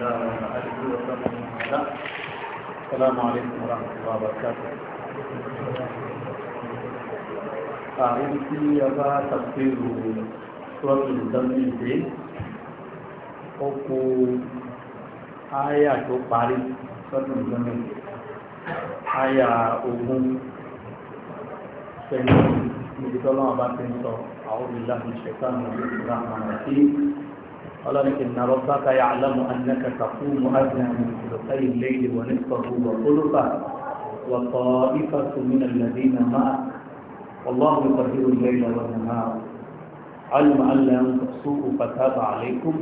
الله وآله وسلم وعلى السلام عليكم ورحمة الله وبركاته أعلم في أبا تفسير سورة الزمن دي أوكو آية tó parí sọ́dún ìjọ́nà àyà ogun pẹ̀lú ìdíkọ́lọ́wọ́ bá ti ń sọ àwọn olùdámọ̀ ìṣẹ̀kọ́ àwọn olùdámọ̀ àti قال إن ربك يعلم أنك تقوم أدنى من ثلثي الليل ونصفه وثلثه وطائفة من الذين معك والله يقدر الليل والنهار علم أن لا تقصوه فتاب عليكم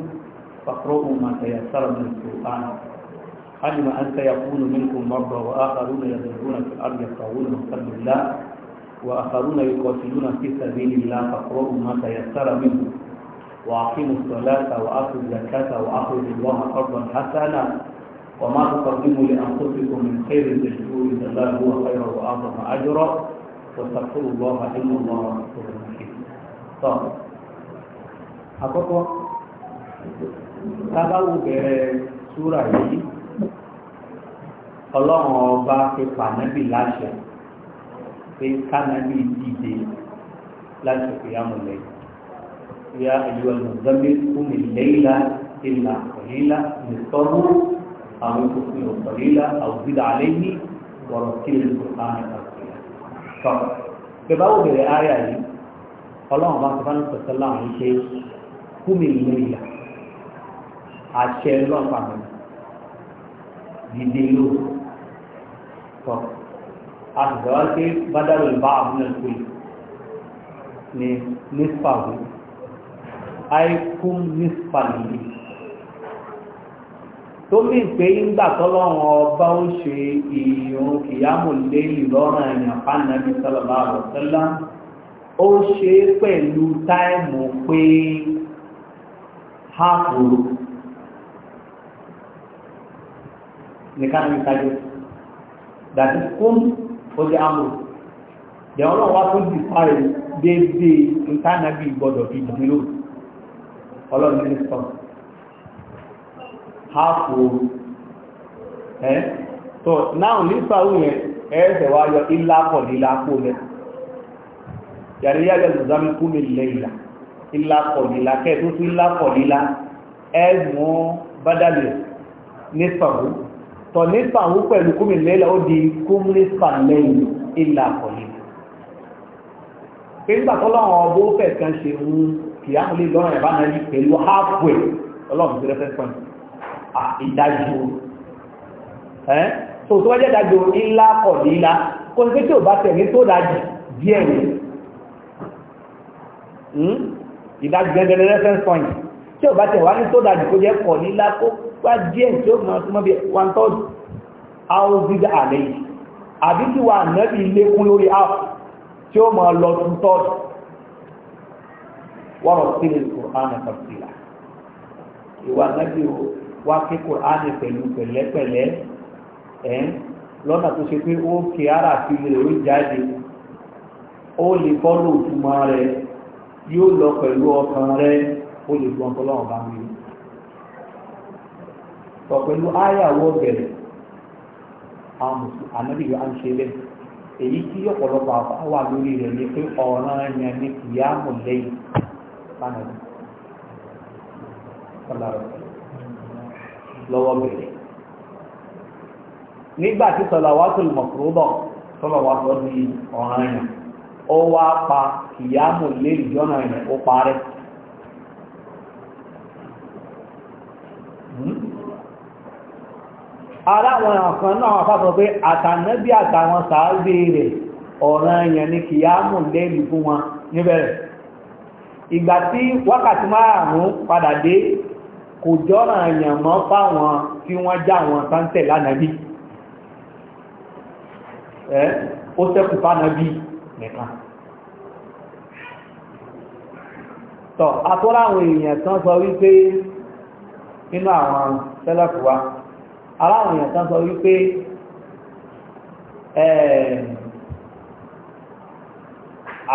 فاقرؤوا ما تيسر من القرآن علم أن سيكون منكم مرضى وآخرون يضربون في الأرض يقرؤون من قبل الله وآخرون يقاتلون في سبيل الله فاقرؤوا ما تيسر منه وأقيموا الصلاة وآتوا الزكاة وأقرضوا الله قرضا حسنا وما تقدموا لأنفسكم من خير تجدوه إن الله هو خيرا وأعظم أجرا واستغفروا الله إن الله غفور رحيم. طيب àkọ́kọ́ tábàwò bẹ̀rẹ̀ súra yìí ọlọ́run ọba fi pànábì láṣẹ pé kánábì dìde láti fi yá يا أيها المزمل قم الليل إلا قليلا نصفه أو انقص منه قليلا أو زد عليه ورتل القرآن ترتيلا فقط بباو بèrè آية yìí ọlọ́run bá sọ́kánù sọ́sọ́lá àwọn ṣe kúmi ìlú ìlà àṣẹ lọ́pàá dìde ló sọ àtìgbà wá pé bádàlú bá àbúlé kúlì ní nípa òun aikum nípàlì tó mí pé ńgbà tọ́lọ́run ọba ó ṣe ìyọ̀n kìyàmù lẹ́yìn lọ́rùn ẹ̀yàn fánàbí sọlọ́bà àbọ̀sọ́lá ó ṣe pẹ̀lú táìmù pé háàpù nìkan ní ìtajú dàbí kún ó jẹ́ àmúrò ìyàwó náà wá tó dì sáré déédéé nǹkan náà bí gbọ́dọ̀ fi ọlọ́run ní sọ háàpù ẹ́ so now nípa òun ẹ̀ẹ́sẹ̀ wá yọ ìlàpọ̀ nílàpọ̀ rẹ̀ yàrí yàjọ ìzàmì kú mi lẹ ìlà ìlàpọ̀ nílà kẹ́ẹ̀tú sí ìlàpọ̀ nílà ẹ̀mú bádàlẹ̀ nípàwó tọ̀ nípàwó pẹ̀lú kú mi lẹ́là ó di kú nípa lẹ́yìn ìlàpọ̀ nílà kìyàmù lè lọ́rùn ẹ̀bá náà yí pẹ̀lú halfway ọlọ́run ti reference point ìdájú ẹ́ so tó wájẹ́ dájú ńlá kọ̀ nílá kó ní pé tí ò bá tẹ̀lé tó dájú díẹ̀ ni hmm? ìdájú gẹ́gẹ́ reference point tí ò bá tẹ̀ wá ní tó dájú kó jẹ́ kọ̀ nílá kó wá díẹ̀ tí ó máa túnmọ́ bí one third hour zida àlẹ́ yìí àbí tí wà náà ilé lórí half tí ó máa lọ two third ورتل القرآن ترتيلا ìwà nàbí o wá kí kùránì pẹ̀lú pẹ̀lẹ́pẹ̀lẹ́ ẹ̀ lọ́nà tó ṣe pé ó kí ara fi lè ó jáde ó lè fọ́lọ̀ òtúmọ̀ rẹ̀ yóò lọ pẹ̀lú ọkàn rẹ̀ ó lè gbọ́n tọ́lọ́wọ́n bá mi. sọ pẹ̀lú áyàwó bẹ̀rẹ̀ ànábì yóò ṣe lẹ́yìn èyí tí ọ̀pọ̀lọpọ̀ àwọn wà rẹ̀ ni pé ọ̀ràn yẹn ni kìyàmù lẹ́yìn fánàlì sọlárọ lọ́wọ́ bèrè nígbà tí sọlawatul mafruḍa sọlawatul di ọ̀ràn yẹn ó wá pa kìyàmù lé ìjọ́nà yẹn ó parẹ́. Hmm? aláwọn ọ̀kan náà wọ́n fásọ pé àtànábí àtàwọn sàábé rẹ̀ ọ̀ràn yẹn ni kìyàmù lé ìlú fún wọn níbẹ̀rẹ̀ ìgbà tí wákàtí márùn-ún padà dé kò jọ́nà àyàn mọ́ fáwọn tí wọ́n já wọn sáńtẹ̀ lánàbí ẹ́ ó sẹ́kù fánàbí nìkan tọ́ atọ́lá àwọn èèyàn tán sọ wípé nínú àwọn sẹ́lẹ̀kù wa aláwọn èèyàn tán sọ wípé ẹ̀ẹ́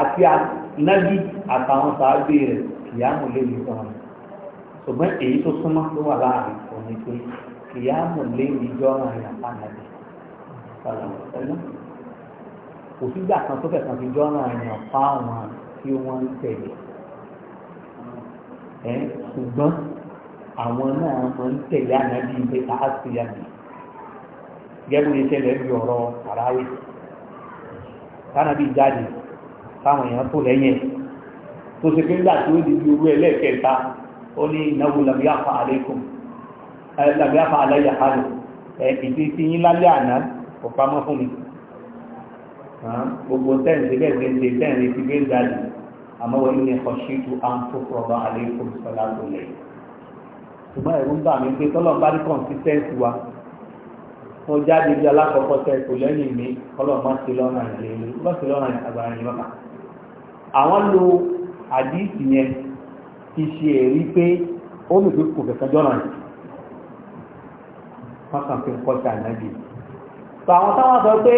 àti ànábì àtàwọn sàábì rẹ̀ kìyàmù léyìn fún wọn ṣùgbọ́n èyí tó súnmọ́ ló wà láàrin òní pé kìyàmù léyìn ìjọ ọ̀ràn rẹ̀ àpàlàdé ọ̀làmọ̀sẹ́lẹ̀ kò sígbà kan tó fẹ̀sán fi jọ́ ọ̀ràn rẹ̀ ọ̀pá àwọn tí wọ́n ń tẹ̀lé ẹ̀ ṣùgbọ́n àwọn náà máa ń tẹ̀lé ànábì ìgbé àásìyàmì gẹ́gẹ́ bí ìṣẹ̀lẹ̀ bí ọ̀rọ̀ àráwé tánàbí jáde táwọn èèyàn tó lẹ́yìn ẹ̀ tó ṣe pé nígbà tí ó di irú ẹlẹ́ẹ̀kẹta ó ní ìnáwó làbíyàfà àlékún làbíyàfà aláyàfàlù ìdí tí yín lálẹ́ àná kò pamọ́ fún mi gbogbo tẹ́ǹsì bẹ́ẹ̀ ṣe ń ṣe tẹ́ǹsì ti gbé mo jáde bí alákọ̀ọ́kọ́ tẹ lẹ́yìn mi ọlọ́ọ̀ má ti lọ́rùn àyàn lé mi àwọn lo àdíìsì yẹn ti ṣe èrí pé ó lè fi kò kẹ̀kẹ́ jọ́nà rẹ̀ wọ́n kàn fi ń kọ́ sí ànábì tó àwọn táwọn sọ pé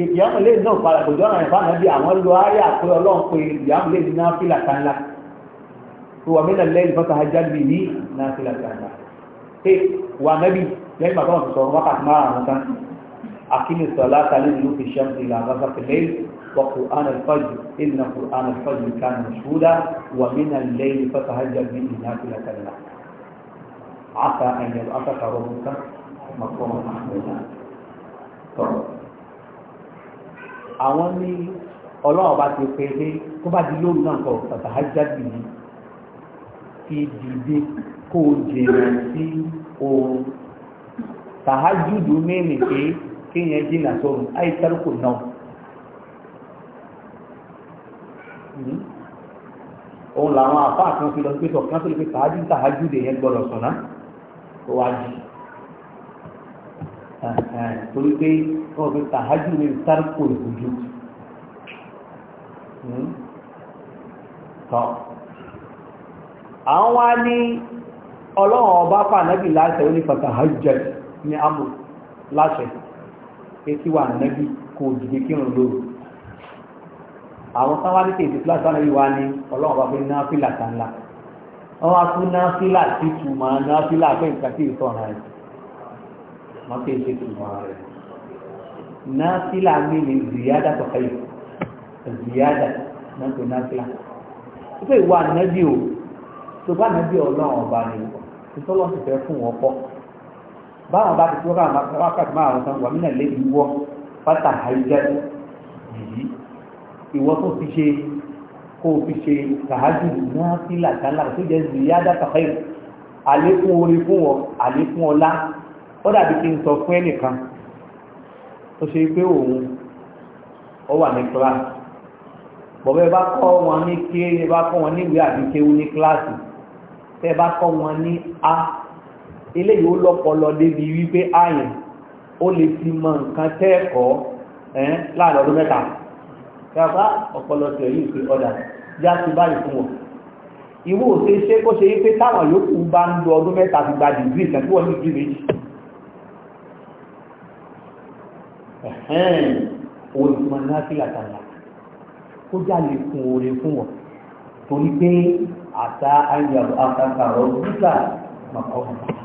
ìyàmù lè náà padà kò jọ́nà rẹ̀ fáwọn ànábì àwọn lo ayé àpé ọlọ́run pé ìyàmù lè ní náfìlà kanlá tó wà mí أقم الصلاة لذلوك الشمس إلى غسق الليل وقرآن الفجر إن قرآن الفجر كان مشهودا ومن الليل فتهجد به نافلة لك عسى أن يبعثك ربك مقام محمودا àwọn ní ọlọ́run bá ti pè é tó bá di lóru náà kọ tàtàhájá bì í ti dìde kó o jèrè sí oorun tàhájúdù mẹ́rin pé kéèyàn jìnnà sọ̀rọ̀ àìsàn kò náà hmm? òun làwọn afá kan fi lọ sí pẹ̀tọ̀ kan tó lè fi tàájú tàájú lè yẹn gbọ́dọ̀ sọ̀nà tó wá jù torí pé wọ́n fi tàájú lè hmm? àwọn ní ọba ní amò láṣẹ pé kí wà nẹ́bí kò dìde kírun lóru àwọn sáwá ní tètè wọn wá ní ọlọ́run bá fi kanla wọn wá tún náfìlà sí tùmọ̀ náfìlà pé nǹkan tí ì sọ̀rọ̀ rẹ̀ wọn kì í ṣe tùmọ̀ rẹ̀ náfìlà mi ni ziyada tọ̀kẹ́ yìí ziyada náà tó nẹ́bí o tó bá nẹ́bí ọlọ́run ọba ni ìtọ́lọ́sì fún wọn pọ̀. báwọn bá ti tó ká wákàtí máa rán wà nínú ilé ìwọ pátá àìjẹ yìí ìwọ tó fi ṣe kó o fi ṣe tàájú náà sí làtàlà tó jẹ ziyada tàfẹ́ àlékún orin fún ọ àlékún ọlá ó dàbí kí n sọ fún ẹnìkan tó ṣe pé òun ó wà ní kíláàsì bọ̀bẹ́ bá kọ́ wọn ní kí ẹ bá kọ́ wọn ní ìwé àbíkéwú ní kíláàsì tẹ́ bá kọ́ wọn ní a eléyìí ó lọ́pọlọ débi wípé àyàn ó lè ti mọ nǹkan tẹ́ẹ̀kọ́ láàrin ọdún mẹ́ta kàfá ọpọlọ tẹ̀ yìí pé ọ̀dà já sí báyìí fún wọn ìwọ ò ṣe ṣe kó ṣe wípé táwọn yòókù bá ń lo ọdún mẹ́ta fi gba dìgírì kan tí wọ́n ní dìgírì méjì òun ìtumọ̀ náà sí làtàlà kó já lè kun oore fún wọn torí pé àṣà ayélujára àkàkà ọ̀rọ̀ nígbà màkà ọ̀hún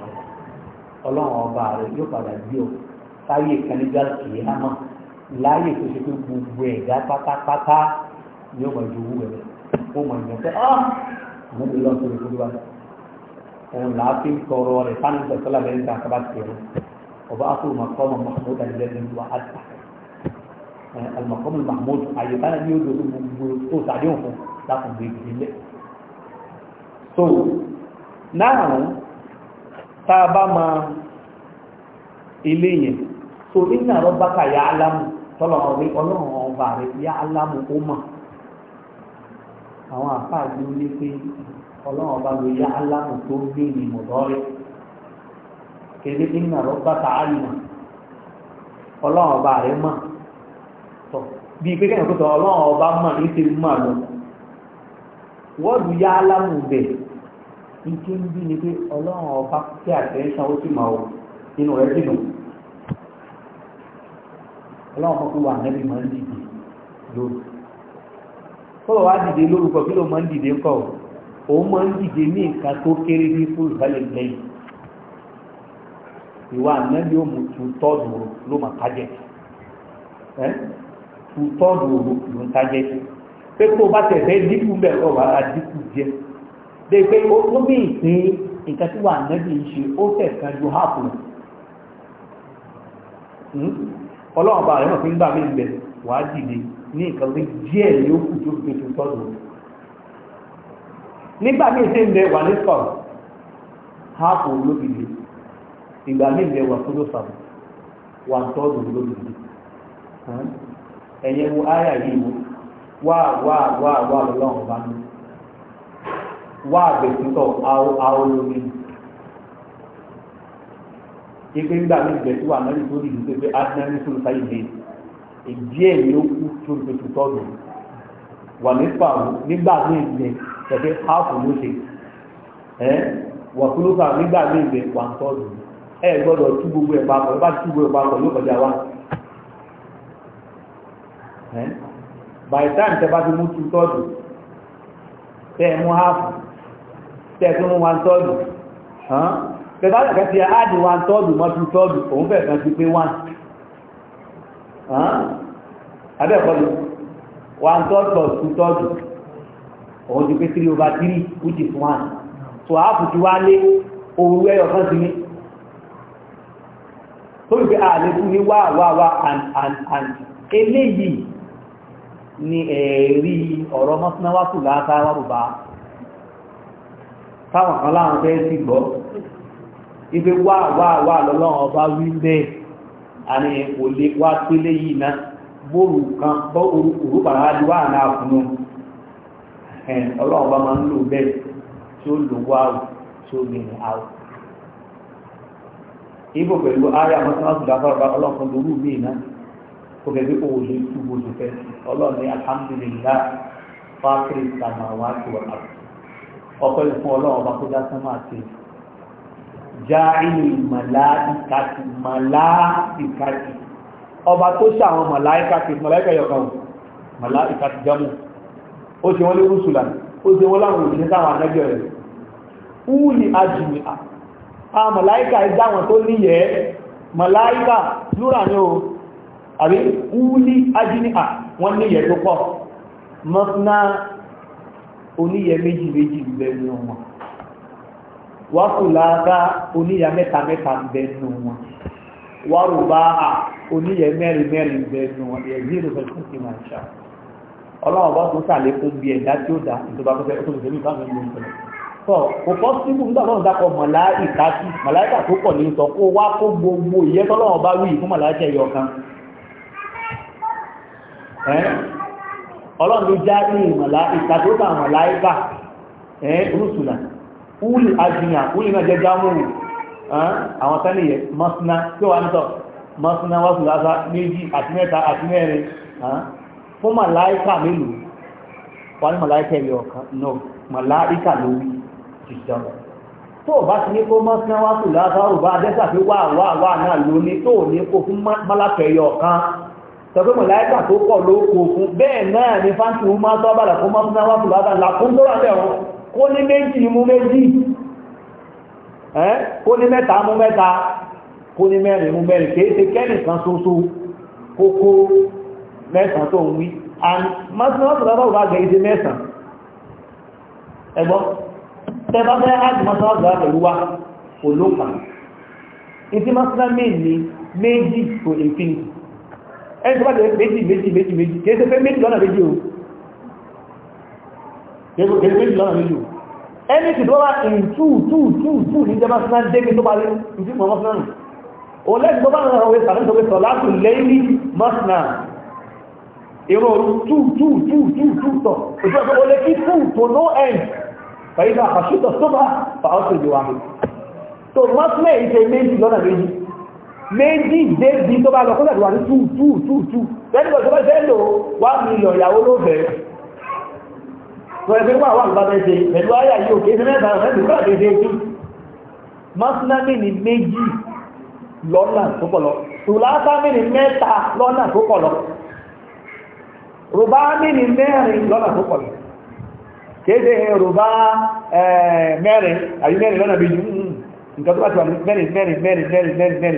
ọlọ́run ọba rẹ̀ yóò padà bí o sáyé kanigba kìí hàmà láyé tó ṣe pé gbogbo ẹ̀dá pátápátá ni ó máa jowú rẹ̀ ó máa yàn pé ọ́ àwọn ìlú ọ̀sẹ̀ rẹ̀ kúrú wa òun là á fi ń tọrọ rẹ̀ fáwọn ìgbà sọ́lá bẹ̀rẹ̀ nígbà kábà tẹ̀ ọ́ ọba afro makoma mahmud alilẹ́dẹ̀ ní wa àtà alimakoma mahmud ayọ̀kálẹ̀ ní odò gbogbo tó sàdéhùn fún láti gbé ìdílé. so now tá a bá ma ilé yẹn so nínú àrọ bákà yà á tọ́lọ̀ ọ̀rẹ́ ọlọ́run ọba rẹ̀ yà á ó mà àwọn àfáà ní ó ọba ló yà á tó gbé ní mọ̀dọ́rẹ́ kéde nínú àrọ bákà á ọba rẹ̀ mà tọ́ bí pé kẹ́hìn ọba mà ní ti mà lọ wọ́ọ̀dù yà ike ń bí ni pé ọlọ́run ọba tí àtẹ́ńṣán ó sì máa wò nínú rẹ̀ dìnnú ọlọ́run kọ́kọ́ wà nẹ́bí máa ń dìde lóru kọ́lọ̀ wá dìde lórúkọ kí ló máa ń dìde kọ́ òun máa ń dìde ní nǹkan tó kéré ní fún ìbálẹ̀ lẹ́yìn ìwà nẹ́bí ó mú tu tọ́ọ̀dù ló máa kájẹ́ ẹ́ tu tọ́ọ̀dù ló máa kájẹ́ pé kó o bá tẹ̀sẹ̀ dínkù bẹ́ẹ̀ kọ́ wàá dínkù díẹ̀. de pé ó tún bí ìsìn nǹkan tí wà nẹ́bí ń ṣe ó tẹ̀sán ju háàpù hmm? ọlọ́run bá rẹ̀ mọ̀ mí ìgbẹ̀ dìde ní nǹkan pé díẹ̀ ni ó kù tó fi tuntun tọ́jú nígbà mí ìsìn ń bẹ wà ní sọ̀rọ̀ háàpù olóbìnrin ìgbà mí wà tó ló hmm? wà wá àgbẹ̀sìntọ̀ aolomi ipe nígbà ní ìgbẹ̀sí wà náà tó dìbò pé pé adinani fún sáyé dé ìdí ẹ̀ ló kú tó lè tó tọ́jú wà nípa nígbà ní ìgbẹ̀ tẹ̀fẹ́ háàfù ló ṣe ẹ́ wà kúlófà nígbà ní ìgbẹ̀ wà ń tọ́jú ẹ gbọ́dọ̀ tú gbogbo ẹ̀ papọ̀ ẹ bá tú gbogbo ẹ̀ papọ̀ ló kọjá wa by time tẹ bá ti mú tú tọ́jú tẹ ẹ mú háàfù tẹ̀sùn wọn tọ́ọ̀dù tẹ̀sùn kẹ́ ti áàdì wọn tọ́ọ̀dù mọ́ tún òun kan ti pé wọn òun ti pé over which is so àápù ti wá lé ẹyọ kan sí ní tó ààrẹ fún ní and eléyìí ni ẹ̀ẹ̀rí ọ̀rọ̀ táwọn kan láwọn fẹ́ sì gbọ́ ibi wá wá wá lọ́lọ́run ọba wí bẹ́ẹ̀ àní kò lè wá tẹ́lẹ̀ yìí náà bóòrù kan bọ́ òrùkù di wá àná ọba máa ń lò bẹ́ẹ̀ tí ó lò wá o tí ó lè pẹ̀lú ayé àwọn tí wọ́n ti dáfọ́ mi náà kò lè ọkọ̀ yìí fún ọlọ́run ọba tó dá sánmà sí jáìlì màláìkàtì màláìkàtì ọba tó ṣe àwọn màláìkàtì màláìkà yọkan màláìkàtì jámù ó ṣe wọ́n ní rúṣùlà ó ṣe wọ́n láwọn òṣìṣẹ́ sáwọn anájọ́ rẹ̀ wúlì ajìmì a màláìkà ẹ̀dá àwọn tó níyẹ̀ màláìkà lúrà ní o àbí wúlì ajìmì a wọ́n níyẹ̀ tó pọ̀ oníyẹ méjì méjì ń wọn wákùlàdá oníyẹ mẹ́ta mẹ́ta ń wọn wárùbá oníyẹ mẹ́rin mẹ́rin ń wọn ẹ̀rí ìlú fẹ́ ti máa ṣá ọlọ́run bá tún fún bí ẹ̀dá tí ó dá ìjọba tó fẹ́ kò kọ́ sí tó pọ̀ sọ kó wá ọlọ́run ló já ní ìmọ̀lá ìtàkótà àmọ̀lá ìbá ẹ̀ rúsùlà wúlì àjìyàn wúlì náà jẹ́ jámùrù àwọn tẹ́lẹ̀ yẹ mọ́síná tí ó wà nítọ̀ mọ́síná wọ́sù lásá méjì àti mẹ́ta àti mẹ́rin fún màláíkà mélòó wà ní màláíkà ẹ̀yọ ọ̀kan no màláíkà ló wí ìjọba tó o bá ti ní kó mọ́síná wọ́sù lásá ò bá dẹ́sà fi wà wà wà náà lóní tó ní kó fún màláíkà ẹ̀yọ sọ̀pẹ́ mọ̀láíkà tó pọ̀ ló kò fún bẹ́ẹ̀ náà ni fáńtì mú máa tọ́ bàdà fún mọ́tún náà fún lábàá làkún tó wà lẹ́wọ̀n kó ní méjì mú méjì kó ní mẹ́ta mú mẹ́ta kó ní mẹ́rin mú mẹ́rin kìí ṣe kẹ́nìkan ṣoṣo kókó mẹ́sàn tó ń wí mọ́tún náà fún lábàá gẹ̀ ìdí mẹ́sàn ẹgbọ́n tẹ́ bá fẹ́ áàdì mọ́tún náà pẹ̀lú méjì to infinity ẹni tó bá tẹ̀lé méjì méjì méjì méjì kìí ṣe pé méjì lọ́nà méjì o kìí méjì lọ́nà méjì o ẹni tí tó bá in two two two two ní jẹ́ máa débi tó bá rí ní mọ̀ mọ́sánà o lẹ́sìn tó bá ń rọrùn sàrẹ́ tó sọ láti no end fàyíká àṣìtọ̀ sóbà fà ọ́sẹ̀ ìjọba mi so mọ́sánà ìṣe méjì lọ́nà méjì débi tó bá lọ kó ní tú tú tó bá lò ìyàwó kéde àyí mẹ́rin lọ́nà nǹkan tó bá ti wà mẹ́rin mẹ́rin mẹ́rin mẹ́rin mẹ́rin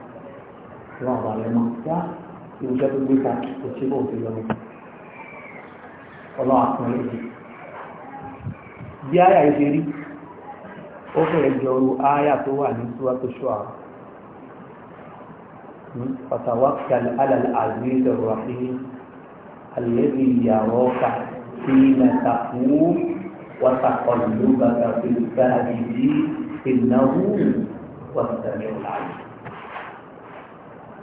ìwà àbàlẹ̀ mọ́ yá ìwùjẹ́ tó gbé ta kò sí bò sí lọ́wọ́ ọlọ́wọ́ àpọ̀lẹ́ yìí bí àyà ìṣe rí ó fẹ́rẹ̀ jọ ru àyà tó wà ní súwá tó ṣọ́ àrùn فتوكل على العزيز الرحيم الذي يراك حين تقوم وتقلبك في الساجدين إنه هو السميع العليم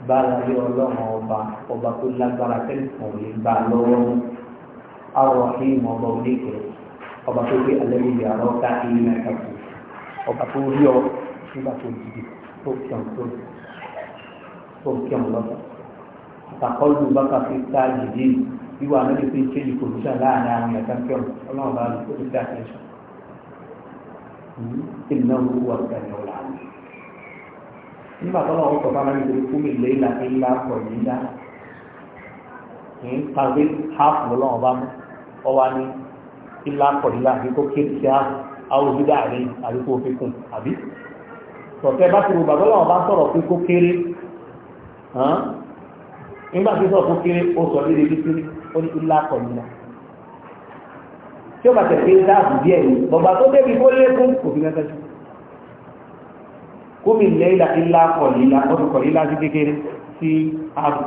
agbára lé ọlọ́run ọba ọba tó lágbára tẹ́lifọ̀n lè gbà lọ́wọ́ àrò àhìm ọba oníkẹ́ ọba tó gbé alẹ́ ìlú àrọ́ ká ìlú náà kù ọba tó rí ọ nígbà tó dìde tó kẹun tó tó kẹun lọ́sọ̀ àtàkọ́lù bákà fi ká dìde wíwá anábì fi ń ṣe ìkòlùsà láàrin àwọn ẹ̀ka kẹun ọlọ́run bá lè kó ìdá àtẹ̀ṣọ́ ìnáwó wà gbàgbọ́ làwọn nígbà tó lọ́wọ́ sọ fáwọn ẹni fún mi lé ìlànà ìlà pọ̀ nígbà kì í pa pé háàfù lọ́wọ́ bá mú ọ wá ní ìlà pọ̀ nígbà kí kò kéde sí àwọn òbí dàrí àbí kò fi kùn àbí. sọ̀tẹ́ bá ti wo bàbá lọ́wọ́ bá sọ̀rọ̀ pé kó kéré nígbà tí sọ̀rọ̀ kó kéré ó sọ lédè bí kéré ó ní ìlà pọ̀ nígbà. tí ó bàtẹ̀ pé dáàbò díẹ̀ ni bọ̀gbà tó débi kó lékún kò fi mẹ́tẹ́sí kómi lẹ́yìn ilá kọ̀lílá ọdún kọ̀lílá sí kékeré sí ààbò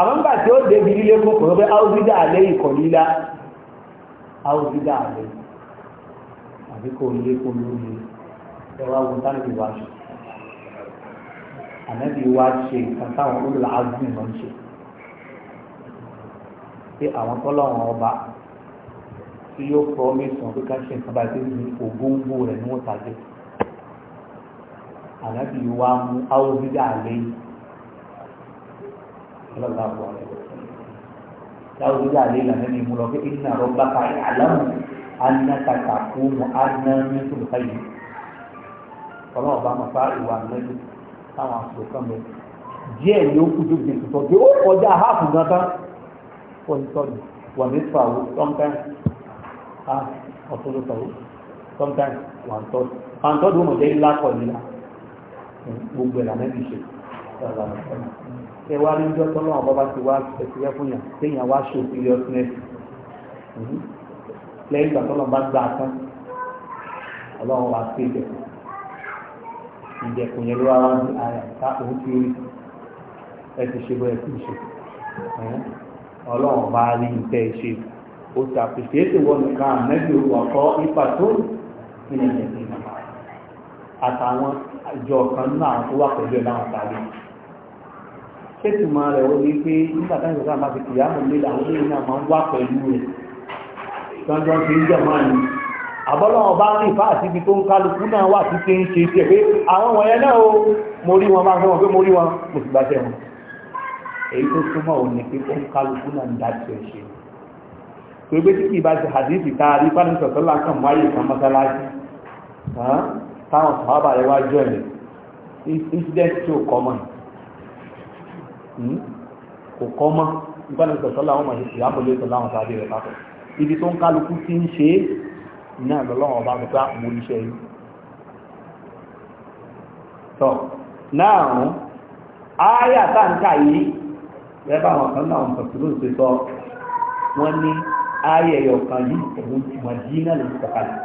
àwọn gbà tí ó débi lílé fún kò rọ́bẹ́ áùsídà lẹ́yìn kọ̀lílá áùsídà lẹ́yìn àbí kò lé kó lórí ẹwà wọn tánà bí wá ṣe ànábì wá ṣe nǹkan táwọn olùlà azùn náà ṣe pé àwọn tọ́lọ́wọ́n ọba tí yóò promise wọn pé ká ṣe nǹkan báyìí pé ògóńgó rẹ̀ ni wọ́n tàgé ànábì wa mú áwòbídà lé ọlọ́gbà pọ̀ áwòbídà lé lànà ní ìmúlọ pé iná rọ́bà ká àlámù anákàtà kú mu anámi tó bá yìí ọlọ́wọ́ bá máa fa ìwà lẹ́nu táwọn àṣìṣe kan bẹ díẹ̀ ni ó kú tó gbé tuntun ó kọjá háàfù náà tán wà ní fàwọ́ sometimes ah ọ̀tún ló fàwọ́ sometimes wà ń tọ́jú wà ń tọ́jú mọ̀ jẹ́ ńlá kọ̀ nílá gbogbo ẹ̀ lànà ìṣe ẹ wá rí ọjọ́ tọ́lọ́ àwọn bàbá ti wá ẹ̀sìnkẹ́ fún yàn téèyàn wá ṣe seriousness lẹ́yìn ìgbà tọ́lọ́ bá gbà tán ọlọ́run wá sí ìjẹ̀kùn ìjẹ̀kùn yẹn ló wá wá ní àyà ká òun ti rí ẹ ti ṣe bọ́ ẹ ti ṣe ọlọ́run bá rí nǹkẹ́ ṣe ó ti àpèsè ètò wọn nìkan àmẹ́bí olùwàkọ́ ipa tó nínú ìjẹ̀kùn ìjọba àtàwọn ìjọ kan nínú àwọn tó wà pẹ̀lú ẹ̀ láwọn tàbí ṣètì máa rẹ̀ wọ́n ní pé nígbà táwọn ìjọba máa fi kìyàmù nílẹ̀ àwọn olóyìn náà máa ń wà pẹ̀lú rẹ̀ gbọ́njọ́ ti ń jẹ̀ máa ní àbọ́lọ́wọ́ bá rí ìfá àti ibi tó ń kálukú náà wà tí tí ń ṣe tí ẹ̀pẹ́ àwọn wọ̀nyẹn náà o mo rí wọn bá fẹ́ wọn wọn mo sì gbáṣẹ́ wọn èyí tó súnmọ́ òun ni pé ó ń kálukú náà ń dájú ẹ̀ ṣe pé pé tí kì í bá ṣe àdíṣì tá a rí fánisọ̀tọ́lá kan máyè kan mọ́sálásí táwọn sàábà rẹ̀ wá jọ ẹ̀mí incident tí ò kọ́ mọ́ hmm? kò kọ́ mọ́ nígbà tí sọ̀tọ́ làwọn màá ṣe àmúlé sọ láwọn sàábà rẹ̀ papọ̀ ibi tó ń kálukú ti ń ṣe é náà lọ́lọ́wọ́ ọba àgbẹ̀tọ́ àmú ah, oníṣẹ́ yìí tọ́ náà ááyà táǹkà yìí rẹ́bà àwọn kan náà sọ̀tún ló ń ṣe sọ wọ́n ní ááyà ẹ̀yọ̀ kan yìí òun ti mọ̀ dínà lè sọ̀kalẹ̀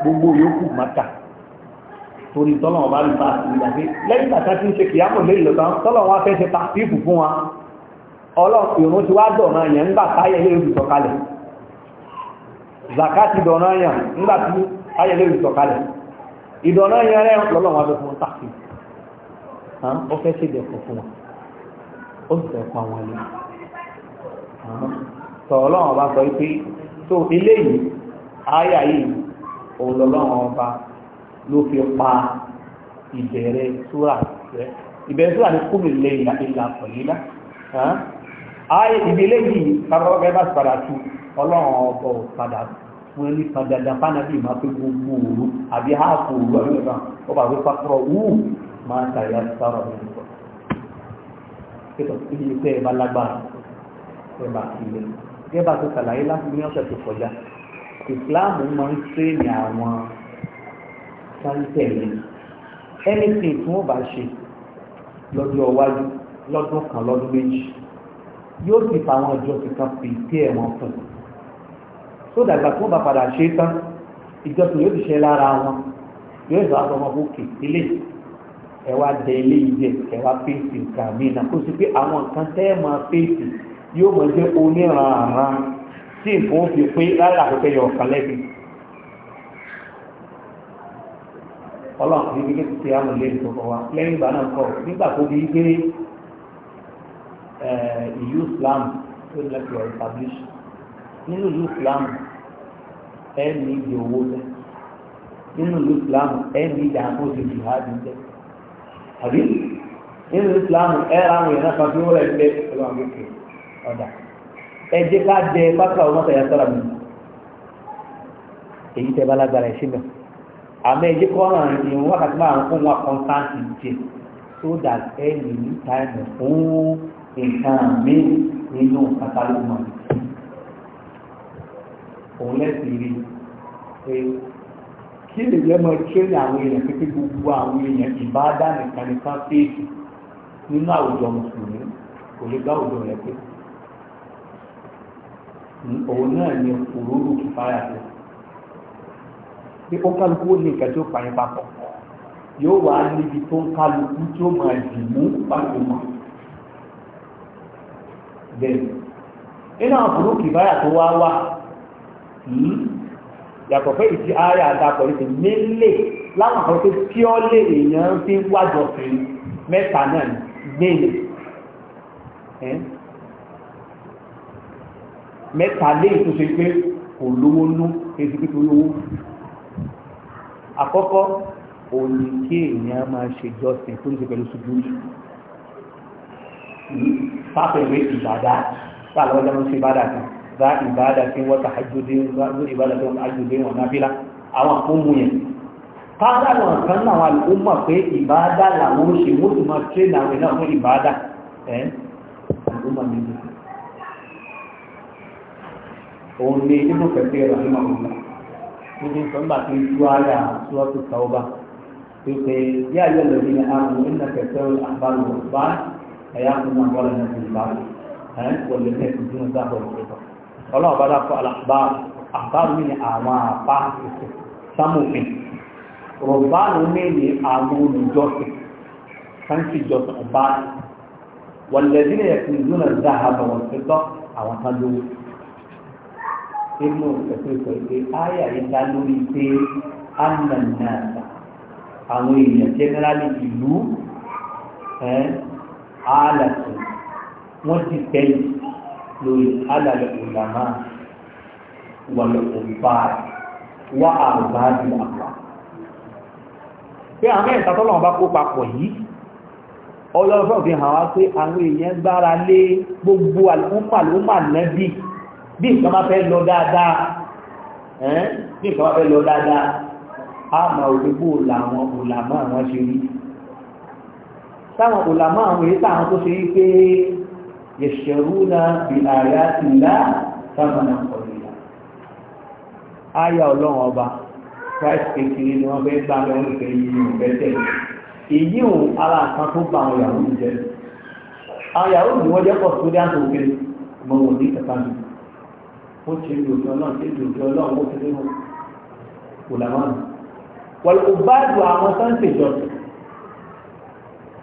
gbogbo yòókù maka torí tọ́lọ̀wọ̀n bá rí bá ìyà pé lẹ́yìn bàtà tí ń ṣe kìyàmù lè lọ tán tọ́lọ̀wọ̀n afẹ́ ṣe ta fífù fún wa ọlọ́pìnrún ti wá dọ̀nà yẹn ńgbà táyẹ̀ lè rí sọ̀kalẹ̀ zaka ti dọ̀nà yẹn ńgbà tí táyẹ̀ lè rí sọ̀kalẹ̀ ìdọ̀nà yẹn rẹ̀ lọ́lọ́wọ̀n afẹ́ fún tàfí ó fẹ́ ṣe dẹ̀kọ̀ fún wa ó sì fẹ́ pa wọn lé tọ̀ọ̀lọ́wọ̀n bá sọ pé tó ilé yìí áyà yìí ọlọ́lọ́run ọba ló fi pa ìbẹ̀rẹ̀ súrà rẹ̀ ìbẹ̀rẹ̀ súrà ní kúrò lè ìlà ìlà pẹ̀lú ayé ìdílé yìí kábàbàbà bá padà tu ọlọ́run ọba ò padà fún ẹni kan dandan fánàbí máa fi gbogbo òru àbí háàpù òru àbí ọba ọba àbí pápọ̀ wù máa tàyà sọ̀rọ̀ ní ìgbà kíkọ̀ sí ilé iṣẹ́ ìbálágbára ẹ̀bà ilé gẹ́bà tó kàlàyé láti ní ọ̀sẹ̀ tó kọjá ìsìláàmù máa ń tírèmì àwọn sáńtẹ̀lì anything tí wọ́n bá ṣe lọ́dún ọwájú lọ́dún kan lọ́dún méjì yóò ti fa àwọn ìjọsìn kan fi tí ẹ̀ wọ́n fún tó dàgbà tí wọ́n bá padà ṣe é tán ìjọsìn yóò ti ṣe lára wọn yóò sọ àwọn ọmọ òkè ilé ẹ wá dẹ ilé ìjẹ ẹ wá fèsì nǹkan mìíràn kó sì pé àwọn nǹkan tẹ́ ẹ máa fèsì yóò mọ̀ jẹ́ oníranran tí nǹkan ó fi pé lára àpẹẹrẹ yọ ọ̀kan lẹ́bi ọlọ́run ní gbígbé ti àwọn ilé ìtọ́kọ̀ wa lẹ́yìn ìgbà náà kọ̀ nígbà tó di gbé ìlú Islam tó ní lẹ́kọ̀ọ́ establish nínú ìlú Islam ẹ ní ìdí owó lẹ nínú ìlú Islam ẹ ní ìdí àwọn oṣù jihadi lẹ àbí nínú ìlú Islam ẹ ra àwọn èèyàn kan tí wọ́n rẹ̀ ń ọlọ́run kékeré ọ̀dà ẹ jẹ́ ká jẹ pápá ọmọ tẹ̀yà sọ́ra mi èyí tẹ́ bá lágbára ẹ̀ ṣe mẹ́ àmọ́ ẹ jẹ́ ìrìn wákàtí márùn fún wa kọ́ńtáǹtì jẹ so that ẹ lè ní táìmù fún nǹkan mi nínú kàtàlù mọ́ òun lẹ́sìn rí pé kí lè jẹ́ mọ́ tírénì àwọn èèyàn pé gbogbo àwọn èèyàn ìbáadá nìkan nìkan fèèjì nínú àwùjọ mùsùlùmí kò lè gbá àwùjọ rẹ̀ pé òun náà ni òróró kìfáyà tó pé ó kálukú ó ní nǹkan tó pààyàn papọ̀ yóò wá níbi tó ń kálukú tí ó máa dì mú pàtó mọ́ bẹ́ẹ̀ nínú àwọn òróró kìfáyà tó wá wà hmm, yàtọ̀ pé ìdí ayé àdàpọ̀ ní ti nílé láwọn àwọn tó kí ọ́ lé èèyàn fi wájọ sí mẹ́ta náà gbélé mẹ́ta léyìn tó ṣe pé kò lówó nú èsì pípé lówó àkọ́kọ́ òní kí èèyàn máa ṣe jọ́sìn tó ń ṣe pẹ̀lú ṣubú sáfẹ̀wé ìbàdá sáàlọ́ ọjọ́ ṣe bá dàtí za ìbàdá tí wọ́n ta àjòdé lórí ìbàdá tó àjòdé wọn nábílá àwọn àkóhun yẹn káàdàwọn kan náà wà ló mọ̀ pé ìbàdá làwọn ṣe wọ́n sì máa tẹ́ àwọn ìlànà fún ìbàdá ẹ̀ ọdún mọ̀ níbi òun ní ibùdó pẹ̀lú ẹ̀rọ ní màmúlá níbi sọ́mbà tó ń tú ara àtúwọ́tò sáwọ́bà tó ṣe yá ayé lòdì ní àrùn nínú kẹsẹ́ àbálò bá ẹ̀yà fún náà bọ́ọ̀lù náà ti bá ẹ̀ wọlé náà ti dúró sáà bọ̀ọ̀lù tó ọlọ́run bá dà fún àlàbà àbálò ní àwọn àpá sámùfin rọ̀bálò ní ní àwọn olùjọ́sìn sáńtì jọ́sìn ọ̀bá wọ̀lẹ́dínlẹ̀ yẹ inú ìpẹ̀tẹ̀pẹ̀ pé áyà yìí dá lórí pé ánàmìnà àwọn èèyàn jẹ́nẹ́rálì ìlú ààlàtì wọ́n ti tẹ́lẹ̀ lórí àlàlẹ̀ òlàmà wàlẹ̀ òǹbà wà àrùbá bí àpá pé àwọn ẹ̀ta tọ́lọ̀ bá kó papọ̀ yìí ọlọ́run fi hàn wá pé àwọn èèyàn gbára lé gbogbo àlùmọ́ àlùmọ́ bí nǹkan bá fẹ́ lọ dáadáa ẹ́n bí nǹkan bá fẹ́ lọ dáadáa a mọ̀ òdúgbò làwọn òlàmọ́ àwọn ṣe rí táwọn òlàmọ́ àwọn èyí táwọn tó ṣe rí pé yẹ̀ṣẹ̀rú náà bí ààrẹ ti lá sábàánà ọ̀rẹ́là áyà ọlọ́run ọba christ kékeré ni wọ́n fẹ́ gbá lọ́wọ́ ìfẹ́ yìí ní ìfẹ́ èyí ò ara kan tó bá àwọn yàrá òun jẹ́ àwọn yàrá òun ni wọ́n jẹ́ pọ̀ sódíàǹtò òkèlè mọ̀ wọ́n ní ìtàkàndùn ó ti rí òfin ọlọ́run tí ìdí òfin ọlọ́run ó fi rí wọn kò làwọn nù. wọ́n ò bá lu àwọn sáńtì ìjọsìn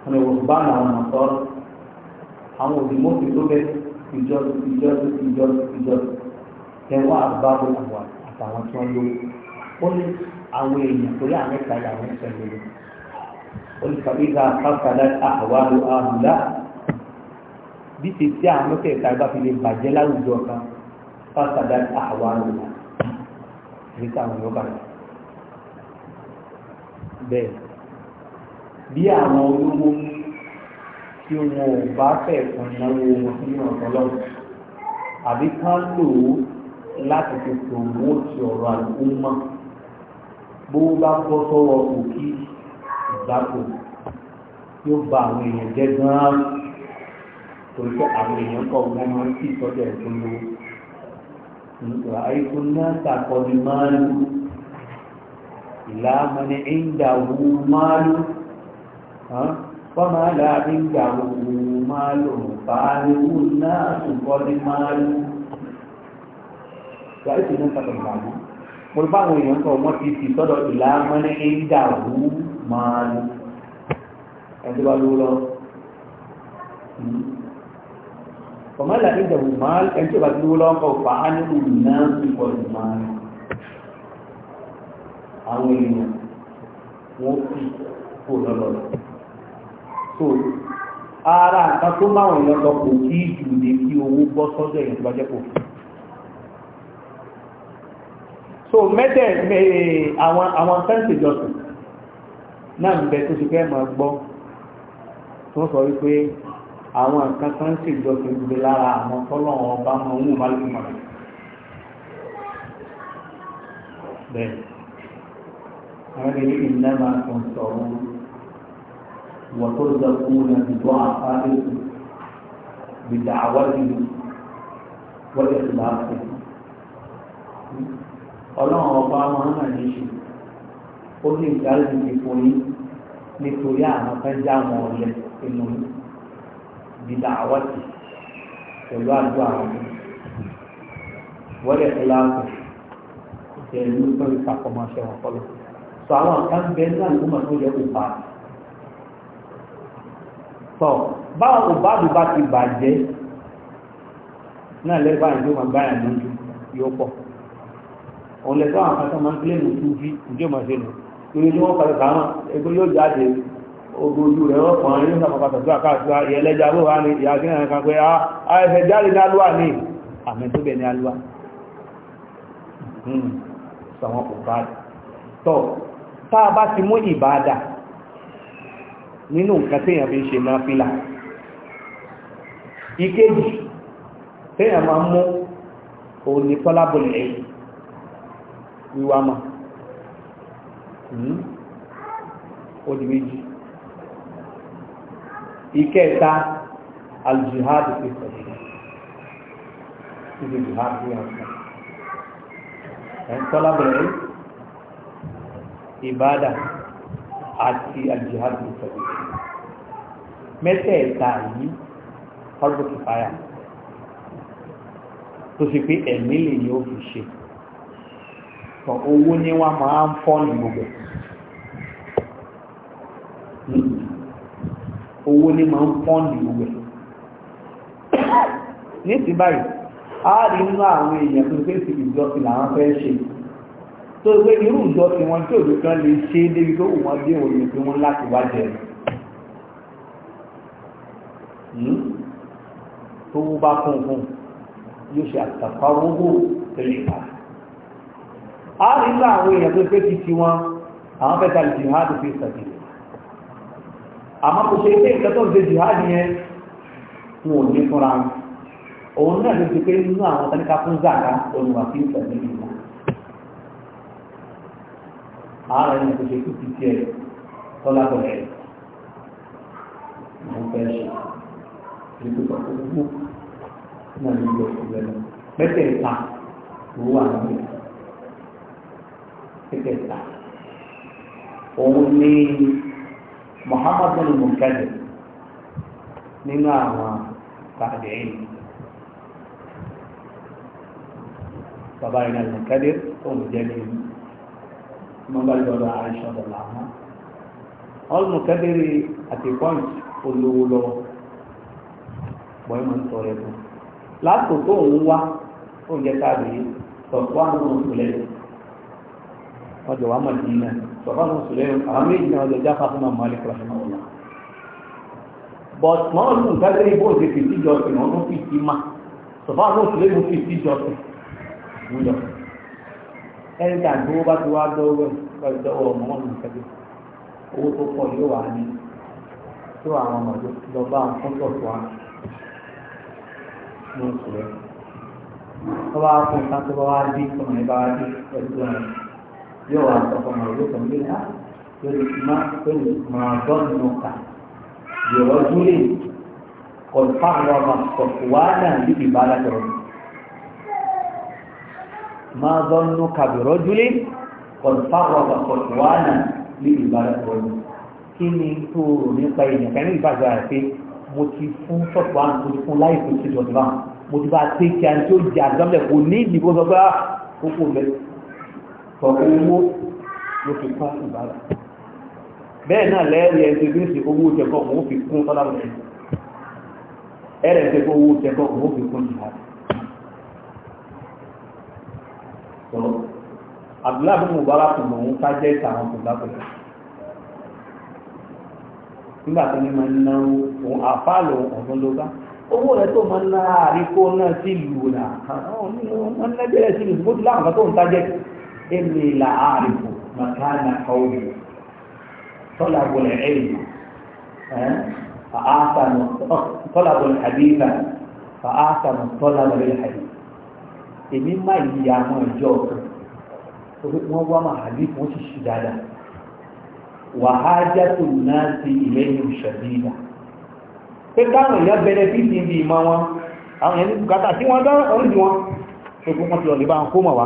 wọn ò bá lu àwọn ọ̀tọ́ àwọn òbí mọ́tò tó bẹ ìjọsìn ìjọsìn ìjọsìn ìjọsìn tẹ̀wọ́ àbábọ̀ àwọn àtàwọn tí wọ́n lówó ó ní àwọn èèyàn tó lé àwọn ìkàlẹ̀ àwọn ìṣẹ̀lẹ̀ rẹ̀ ó ní kàbí ìgbà káfíńtà àwa lo àmúlá bí tètè àwọn mẹ́tẹ̀ẹ̀ta bá fi láwùjọ kan fásitì àwa nìyà ní káwọn yóò bàjẹ́ bẹ́ẹ̀ bí àwọn olówó tí wọn ò bá fẹ́ kan náwó wọn sí ọ̀tọ̀ lọ́wọ́ àbí ká lò ó láti fi tòwó ti ọ̀rọ̀ àlùkò mọ́ bó bá bọ́ sọ́wọ́ òkì ìgbàgbọ́ yóò ba àwọn èèyàn jẹ́ gan-an torí pé àwọn èèyàn kọ̀ wọ́n máa ń kí ìtọ́jú ẹ̀ tó lówó ràáyíkú náà tàkọ́ni máàlú ìlàmọ́ni ìdàwó máàlú fọ́mà láàbí ìdàwó máàlú fàáríwú náà tùkọ́ni máàlú ràáyíkú náà tàkọ́ni máàlú mo bá àwọn èèyàn kan wọ́n ti fi sọ́dọ̀ ìlàmọ́ni ìdàwó máàlú ẹ̀dọ́gbàlú lọ ọmọ ìlànà ìdẹ̀wò máa ẹni tí ó bá ti lówó lọ́kọ̀ fà á nínú náà sí pọ̀ jù máa àwọn èèyàn wọ́n fi kò lọ́lọ́ so ara nǹkan tó máwọn èèyàn lọ kò kí jù lè fi owó bọ́ sọ́dọ̀ èèyàn tó bá jẹ́ kò fi so mẹ́tẹ̀ àwọn àwọn sẹ́ǹtì jọ̀sìn náà ń bẹ tó ti fẹ́ máa gbọ́ tó sọ wípé àwọn nǹkan kan sì jọ fi gbé lára àwọn tọ́lọ̀ ọba máa ń wù má lè mọ̀ bẹ́ẹ̀ àwọn ilé ìlú máa tún sọ̀rọ̀ wọ́n tó dẹkùn náà dùdú àfáàlì bìdà àwọ̀dì wọ́n lè tún bá fẹ́ ọlọ́run ọba máa ń hàn níṣẹ́ ó sì ń darí nítorí àwọn fẹ́ já ọ̀lẹ́ inú bíbá àwọ̀tì pẹ̀lú àdó àwọn wọ́lẹ̀ ìlànà pẹ̀lú lórí ìpapọ̀mọṣẹ́ wọn kọ́lọ̀ sọ àwọn kan bẹ ní àlùmọ̀ tó yẹ kó bá tọ̀ báwọn òbáàdù bá ti bàjẹ́ náà lẹ́gbàá ìjọ máa gbáyà lójú yóò pọ̀ òun lẹ́gbàá àwọn kan tó máa ń kílẹ̀ nù tún bí ìjọ máa ṣe nù torí ní wọ́n kọ́ ẹgbẹ́ yóò jáde ogojú rẹ̀ wọ́n pọ̀ ní ìsàpàpàtàdúrà káàkiri ìyẹlẹ́jà ló wà ní ìyàgínà ẹ̀kan pé a ah, ah, ẹ̀fẹ̀ jáde ní alúwà ní àmì tó bẹ̀ ní alúwà hmm, sọ̀wọ́n kò bá tọ́ tá a bá ti mú ìbáadà nínú nǹkan téèyàn fi ń ṣe náà fílà ìkéjì téèyàn máa mú òun ní ìkẹta aljihad ti sọ ibi jihad ti yàn sọ ẹ̀ ń tọ́lá bẹ̀rẹ̀ ìbádà àti aljihad ti sọ mẹ́tẹ̀ẹ̀ta yìí ọdún kìfàyà tó fi pé ẹ̀mí lè ní ó fi ṣe owó ni wọ́n máa ń fọ́ ní gbogbo owó ní máa ń pọ́ǹdì ìwẹ̀ ní ti báyìí a rí nínú àwọn èèyàn tó fẹ́ sí ìjọsìn làwọn fẹ́ ṣe tó pé irú ìjọsìn wọn tí òdòkan lè ṣe débi tó wù wọn dé òye pé wọn láti wá jẹ hmm? tó wú bá fún fún yóò ṣe àtàkọ́ jihad fi sàdìdì àmọ́ kò ṣe pé ìkẹ́tọ̀ ṣe jihad yẹn wọn ò ní fúnra wọn òun náà ló ti pé nínú àwọn tẹ́lifà fún zaka olùwà sí ìfẹ̀mí ìlú ààrẹ ní kò ṣe kú ti tiẹ̀ tọ́lá bẹ̀rẹ̀ mo fẹ́ ṣe ètò ìpàkókò náà ní ìlú ọ̀gbẹ́ náà mẹ́tẹ̀ẹ̀ta ló wà níbẹ̀ mẹ́tẹ̀ẹ̀ta òun ní muhammadu mukadde nínú àwọn tàbíyìn bàbá yìí náà mukadde olùjẹ́lẹ̀ mọ́gbàlódọ́ àìsàn dọ̀là wọn olùmukadde àti pọ́ǹt olówó lọ́wọ́ bọ́ ẹ̀mọ́ ń tọrẹ fún lásìkò tó ń wá oúnjẹ tàbí sọ̀tọ́ àwọn olùkùlẹ̀ wọ́n jọ wá mọ̀ nínú náà sọ̀rọ̀ sùlẹ̀m àwọn méjì náà lọ jáfa fún ọmọ alẹ́ kọ́lá fún ọmọ but wọ́n lù ń kájẹ́ ibò ṣe fi sí jọ́sìn wọ́n tún fi sí ma sọ̀rọ̀ sùlẹ̀m fi sí jọ́sìn wúlọ ẹni tí àgbówó bá ti wá dọ́wọ́ pẹ̀lú dọ́wọ́ ọmọ wọn lù ń kájẹ́ owó tó pọ̀ yóò wà ní tó àwọn ọmọ tó lọ bá ń fún sọ̀tọ̀ wa ló ń sùlẹ̀m tó bá fún ìtàn yóò wá sọ fún mi yóò tẹ̀lé ká lórí má pẹ̀lú máa dọ́nù ká yọ̀rọ̀ dúlé kọ̀ọ̀fà wọn máa sọ̀kù wá náà níbi ìbára tọ̀rọ̀ mi. máa dọ́nù ká yọ̀rọ̀ dúlé kọ̀ọ̀fà wọn máa sọ̀kù wá náà níbi ìbára tọ̀rọ̀ mi. kí ni tó rò nípa ènìyàn kan ní ìbáṣọ mo ti fún sọ̀kù wá mo ti fún láì fún sí ìjọba mo ti bá a tẹ́ kí a ní tó jẹ àgbàmọ̀lẹ̀ kò ní ìdìbò sọ ọ̀pọ̀ owó ló fi kún ìbára bẹ́ẹ̀ náà lẹ́ẹ̀rí ẹgbẹ́ gbèsè owó tẹ̀kọ́ òun fi kún tọ́lá rẹ̀ ẹ̀rẹ̀ tẹ̀kọ́ owó tẹ̀kọ́ òun fi kún ìbára sọ̀rọ̀ abdullahi mubarak kò mọ̀ òun ká jẹ́ ìtàwọn kò lápẹ̀lẹ̀ nígbà tó ní máa ń náwó òun àfáàlò ọ̀gbọ́n ló bá owó rẹ̀ tó máa ń náà àríkó náà sí ìlú náà àwọn onímọ̀ wọn náà sí ìlú إني لا أعرف مكان قومي طلب العلم فأحسن طلب الحديث فأحسن الطلب للحديث èmi máa yí àwọn ìjọ ọ̀tún torí wọ́n wá máa hadith wọ́n sì ṣì dáadáa wàhájá tó náà ti ìlẹ́yìn ìṣẹ̀dínà pé káwọn èèyàn bẹ̀rẹ̀ bí ti ìmọ̀ wọn àwọn èèyàn ní bùkátà tí wọ́n dá orí wọn pé kó wọ́n ti lọ lè bá wọn kó mọ̀ wá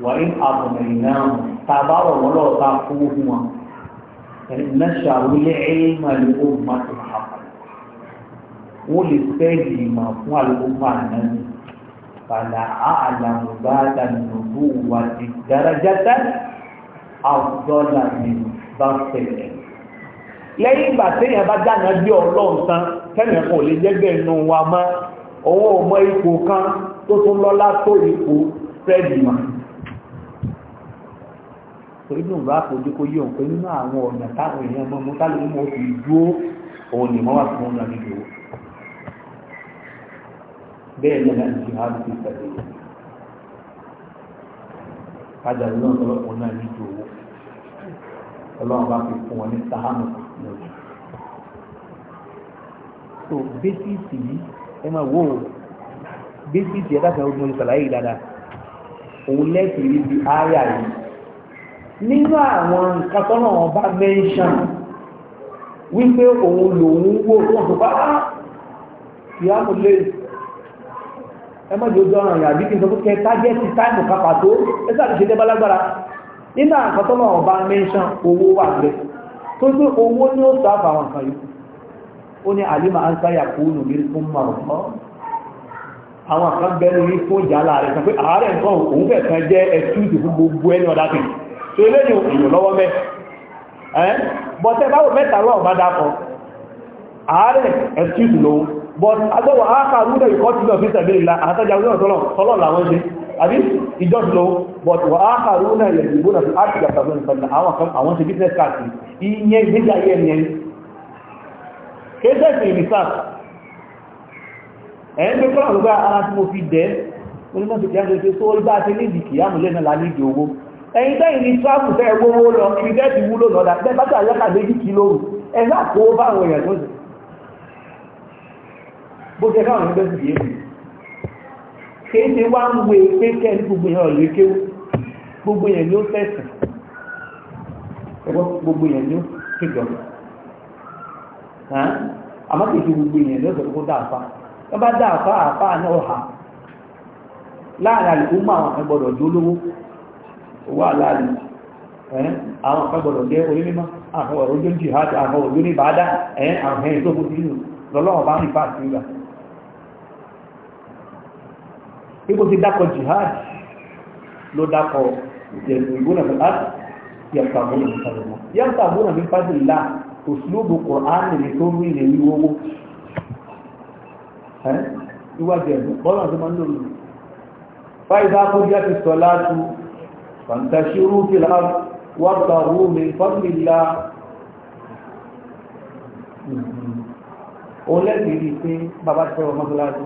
wàrí àbùnrin náà tá a bá rọ̀ wọ́n lọ́wọ́ tá a kówó fún wọn nẹ́ṣà wílé ẹ̀yìnmá lè ó má ti hà wọ́n lè fẹ́ ìgbìmọ̀ fún àlùkòmọ́ àná ni fàlà àlàmù bá dànù bú wà ti dáradáta àwùjọ́là ni bá fẹ̀lẹ̀. lẹ́yìn ìgbà téèyàn bá dáná bí ọlọ́run tán kẹ́nìyàn kò lè jẹ́gbẹ́ inú wa mọ́ òun ò ipò kan tó tún lọ́lá tó ipò fẹ́ẹ̀dì mọ́ torí bí òun bá fojú kó yí òun pé nínú àwọn ọ̀nà táwọn èèyàn mọ́ mọ́tálẹ́ mọ́ fi dúró òun ni wọ́n wà fún ọ̀nà níbi owó bẹ́ẹ̀ ni láti fi hàn sí ìpàdé padà lọ́nà ọ̀pọ̀lọpọ̀ náà níbi owó ọlọ́run bá fi fún wọn ní sàánù lọ́jọ́ so bẹ́sìtì yìí ẹ máa wò ó bẹ́sìtì ẹ dákẹ́ ọdún ìsàlàyé yìí dáadáa òun lẹ́sìn yìí di ááyà yìí. nínú àwọn nǹkan tọ́nà ọba mẹ́ṣán wípé òun lòun wó wọ́n tó bá lè ẹmọ́jì ojú ọ̀ràn ìyàbí kí n sọ pé kẹta jẹ́ ti táìmù kápá tó ẹsẹ́ àti ṣe nínú àwọn tọ́nà ọba mẹ́ṣán owó wà rẹ̀ tó gbé owó ní ó yìí ó ní àlímà fún àwọn fún ìjà sọ pé àárẹ̀ tó eléyìn èèyàn lọ́wọ́ mẹ́ ẹ́n bọ́tẹ́ báwo mẹ́ta lọ́wọ́ bá dákọ̀ ààrẹ excuse lòun but agbọ́wọ̀ ákàrú rẹ̀ ikọ́ tí lọ fi sẹ̀bẹ̀ ìlà àtàjà orí ọ̀tọ́lọ̀ tọ́lọ̀ làwọn ṣe àbí ìjọ́sí lòun but wọ ákàrú rẹ̀ yẹ̀ ìgbó náà fi áti gàtà lórí pẹ̀lú àwọn kan àwọn ṣe business card ìyẹn ìgbésí ayé ẹni ẹni kéṣẹ́sì ìrìsáà ẹ̀ ń gbé kọ́nà lọ́gbà ara tí mo fi dẹ́ onímọ̀ sí kìí ẹ̀yin tẹ́yìn ní tíráàpù tẹ́ ẹ lọ ibi tẹ́ ti wúlò lọ́dà tẹ́ bá tà méjì kí lóru ẹ kó bá àwọn èèyàn lóde bó ṣe káwọn ẹgbẹ́ sì yé mi kìí ṣe wá ń wé pé kẹ́ ní gbogbo èèyàn lè gbogbo èèyàn fẹ̀sìn gbogbo èèyàn àmọ́ kìí ṣe gbogbo èèyàn sọ̀rọ̀ kó wọ́n bá náà hà láàrin wà láàrin àwọn kan gbọ́dọ̀ jẹ́ orí mímọ́ àwọn ọ̀rọ̀ ojú jì hajj àwọn òjú ní bàádá àwọn ẹ̀yìn tó kú sí inú lọ́lọ́wọ́ bá ń fà sí ìgbà ipò ti dákọ̀ jihad ló dákọ̀ ìjẹ̀lú ìgbónà fẹ́láàtì yàtàbùnà ní fàdìlá yàtàbùnà ní fàdìlá òṣìlóbù kòránì fáìdá kó jẹ́ ti sọ láti فانتشروا في الأرض وابتغوا من فضل الله ó lẹ́bìí rí pé bàbá ti fẹ́rọ mọ́sálásí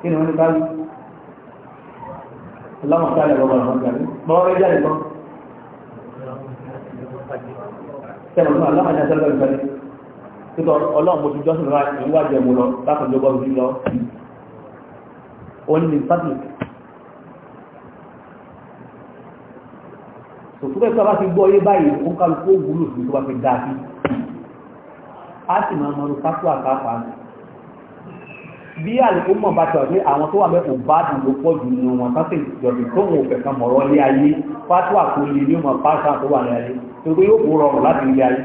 kí ni wọ́n ní báyìí láwọn sáré bọ́bá lọ́wọ́ jáde bọ́wọ́ rẹ̀ jáde lọ tẹ́lọ̀ náà láwọn ajá sẹ́lẹ̀ bẹ̀rẹ̀ jáde títọ́ ọlọ́run mo ti jọ́sìn rà ìwádìí ẹ̀mú lọ lákòójọ́ bọ́ òtúbẹ̀ tó bá fi gbọ́ yé báyìí ó ń kálukú ó wúlò sí tó bá fi dá sí á sì máa mọ̀rún pátó àkáfà bí àlùkò mọ̀ bá tọ̀ pé àwọn tó wà mẹ́ òbádùn ló pọ̀ jù nínú wọn sáfẹ́ ìjọ̀dún tó wọn òfẹ́ kan mọ̀rọ̀ lé ayé pátó àkóyè ní ọmọ pátó tó wà ní ayé torí yóò kó rọrùn láti ilé ayé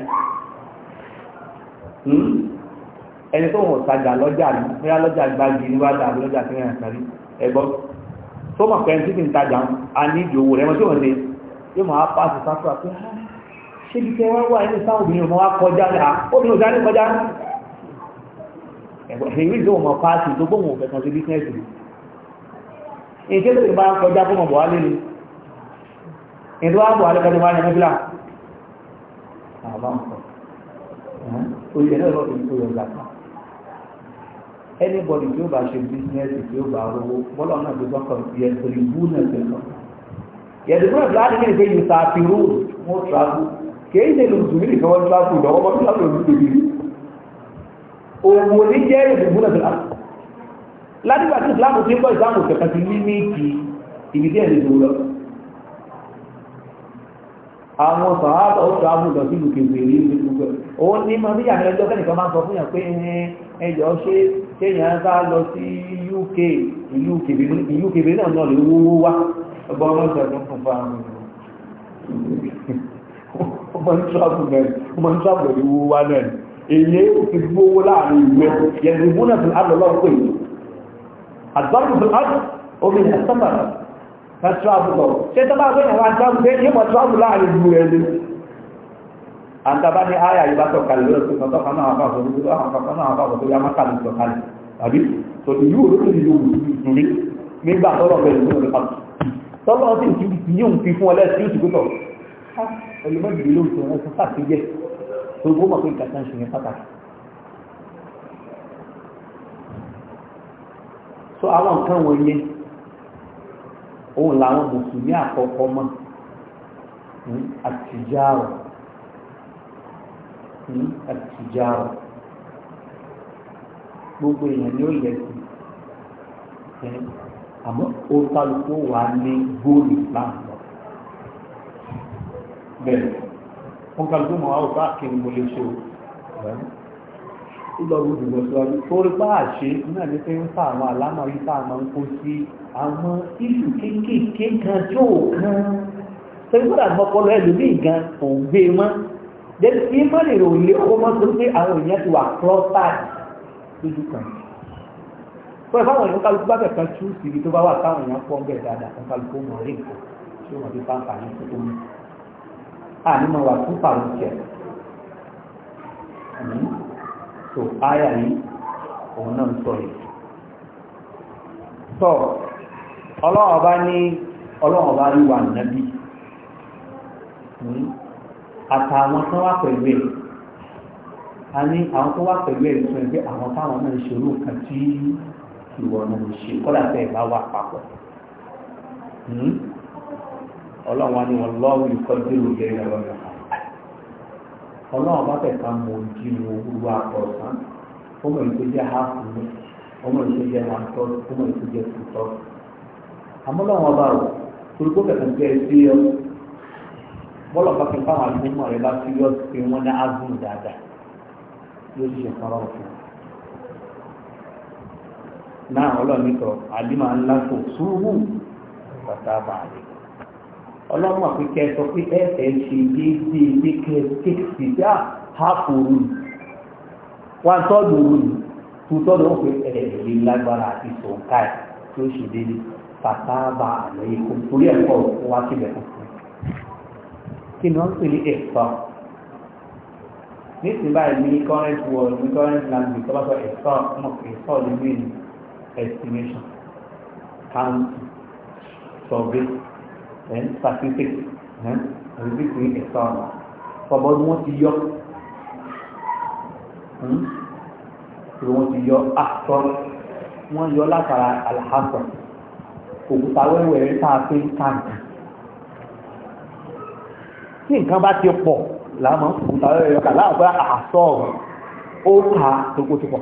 hmm? ẹni tó wọn ọ̀tajà lọ́jà ní bóyá lọ́jà gbági ní wájà àbí lọ́jà kí ẹ̀gbọ́n tó mọ̀ pẹ́ntì ti ń tajà á ní ìdí owó rẹ̀ mọ́ tí wọ́n ṣe yóò máa pàṣẹ sáfúrà pé ah, ṣé bí kẹ́ wá wà nínú sáwọn obìnrin ọmọ wa kọjá rà ah, obìnrin ọ̀dá ní kọjá ẹ̀gbọ́n ìwé ìjọ ọmọ pàṣẹ tó gbóhùn òfẹ́ kan sí bísínẹ́sì ìṣẹ́ tó bá ń kọjá fún ọmọ wálé ni ìlú wa bọ̀ kọjá wá ní ẹgbẹ́ anybody tí ó bá ṣe bísínẹ́sì tí ó bá rówó bọ́lá yẹ̀dùkúrò láti ní ìfẹ́ yìí sàfihù mọ́ travel kìí ṣe lùsùmí nìkan wọ́n travel lọ́wọ́ mọ́ travel lórí ìdòdì òwò ní jẹ́ ìdìbúrò ìsìlámù látìgbà tí ìsìlámù ti ń bọ́ ìsìlámù kẹta ti ní méjì ibi tí ẹ̀lẹ́ ìdòwò lọ àwọn sàábà ó travel lọ sí ìlúkèwé rí ibi gbogbo ó ní mọ bí àmì ẹjọ́ kẹ́nìkan máa ń sọ fún yàn pé ẹjọ́ ṣe kéèyàn sá lọ sí UK ìlú kèbèrè náà lè wó wá ọba ọmọ ìgbàdún fún fún àwọn ọmọ ìtúrọ̀bù náà ọmọ ìtúrọ̀bù ní owó wá náà èyí ó ti gbówó láàrin ìwé yẹnu ìbúnà fún àlọ́lọ́ pé àgbàrù fún àjò omi ìyàsọ́bà náà tíráàbù lọ ṣe tọ́bà pé àwọn àjọ́bù pé yóò mọ̀ tíráàbù láàrin ìlú ẹni àtàbá ní àyà yìí bá tọ̀kalẹ̀ lọ́sùn kan tọ́ka náà àbá tọ́lọ́ sì ti yóò fi fún ọlẹ́ sí ìtìkútọ̀ ẹlòmọ́dìdì ló ń sọ ẹ̀sùn pàtó jẹ́ gbogbo mọ̀ pé ìkàtà ń ṣèyàn pàtàkì. so àwọn nǹkan wọ̀nyẹn òun làwọn mùsùlùmí àkọ́kọ́ mọ́ hmm, àtijárò hmm, àtijárò gbogbo èèyàn ni ó yẹ sí àmọ́ ó kálukú wà ní góòlù láàmú bẹ́ẹ̀ wọ́n kálukú mọ̀ àwọn bá kí n mo lè ṣe ó lọ́wọ́ dùgbò síwájú torí bá àṣẹ náà ní pé ń fa àwọn àlámà yìí tá a máa ń kó sí àwọn ìlú kéékèèké kan tó kan torí bọ́dà mọ́kọ́lọ ẹlòmíì gan kò gbé e mọ́ jẹ́ sí mọ́lẹ̀ rò lé owó mọ́ torí pé àwọn èèyàn ti wà clustered lójú kan pẹ̀lú fáwọn èèyàn kálukú bá bẹ̀ẹ̀ kan tú síbi tó bá wà táwọn èèyàn pọ̀ bẹ̀ẹ̀ dáadáa fún kálukú mọ̀ rí nǹkan tí wọ́n fi pàǹpà ní tó mú àní mọ̀ wà fún pàrọ̀ tiẹ̀ tó áyà yìí òun náà ń sọ yìí tọ́ ọlọ́run ọba ní ọlọ́run ọba rí wà nàbí hmm? àtàwọn tó wà pẹ̀lú ẹ̀ a ní àwọn tó wà pẹ̀lú ẹ̀ sọ ẹgbẹ́ àwọn táwọn náà ń ṣerú nǹkan ìwọ náà ṣe kọ́lá bẹ́ẹ̀ bá wà papọ̀ hmm? ọlọ́run wa ni wọn lọ́wọ́ ìkọ́jú ìròyìn ẹ̀rọ ọ̀rọ̀ ọlọ́run bá tẹ̀ka mọ ojú ìwọ olú àtọ̀sán ọmọ ìtò jẹ́ háàfù mi ọmọ ìtò jẹ́ hàntọ́ ọmọ ìtò jẹ́ tòótọ́ àmọ́ lọ́wọ́ ọba rò torípò kẹ̀kẹ́ jẹ́ ẹsẹ̀ yọ bọ́lọ̀ bá fi fáwọn àdúgbò rẹ̀ bá fi yọ sí wọn ní azùn dáadáa yóò ṣe ìfọwọ́ fún náà ọlọ́nìtọ̀ àdìmọ̀ ńlá kò súrù bàtà bàálì ọlọ́mọ pípẹ́ sọ pé ẹ̀ẹ́fẹ́ ṣe déédéé pékè kéèkì sí àpò rù wà tọ́dù rù tó tọ́dù ó pé ẹ̀ẹ́dẹ̀ẹ́dẹ́ lágbára àti sọ̀ǹkà ẹ̀ tó ṣe déédéé bàtà bàálì ikú torí ẹ̀kọ́ wá síbẹ̀ kọ̀ọ̀kan kí ni wọ́n pè ní ẹ̀fọ́ nísìnyí báyìí ní current world ní current language tó bá sọ ẹ̀fọ́ ọmọ ẹ̀fọ́ lè estimation count survey and statistics àbíbíkì ẹ̀sọ́ ọ̀nà ọ̀bọ̀ ni wọ́n ti yọ tí wọ́n ti yọ àtọ́ wọ́n yọ látara àlàáfọ̀ òkúta wẹ́wẹ́ rẹ̀ tá a fi ń kàǹkà tí nǹkan bá ti pọ̀ làmọ́ òkúta wẹ́wẹ́ rẹ̀ kà láàbọ̀ àtọ́ ó kà tó kó ti pọ̀.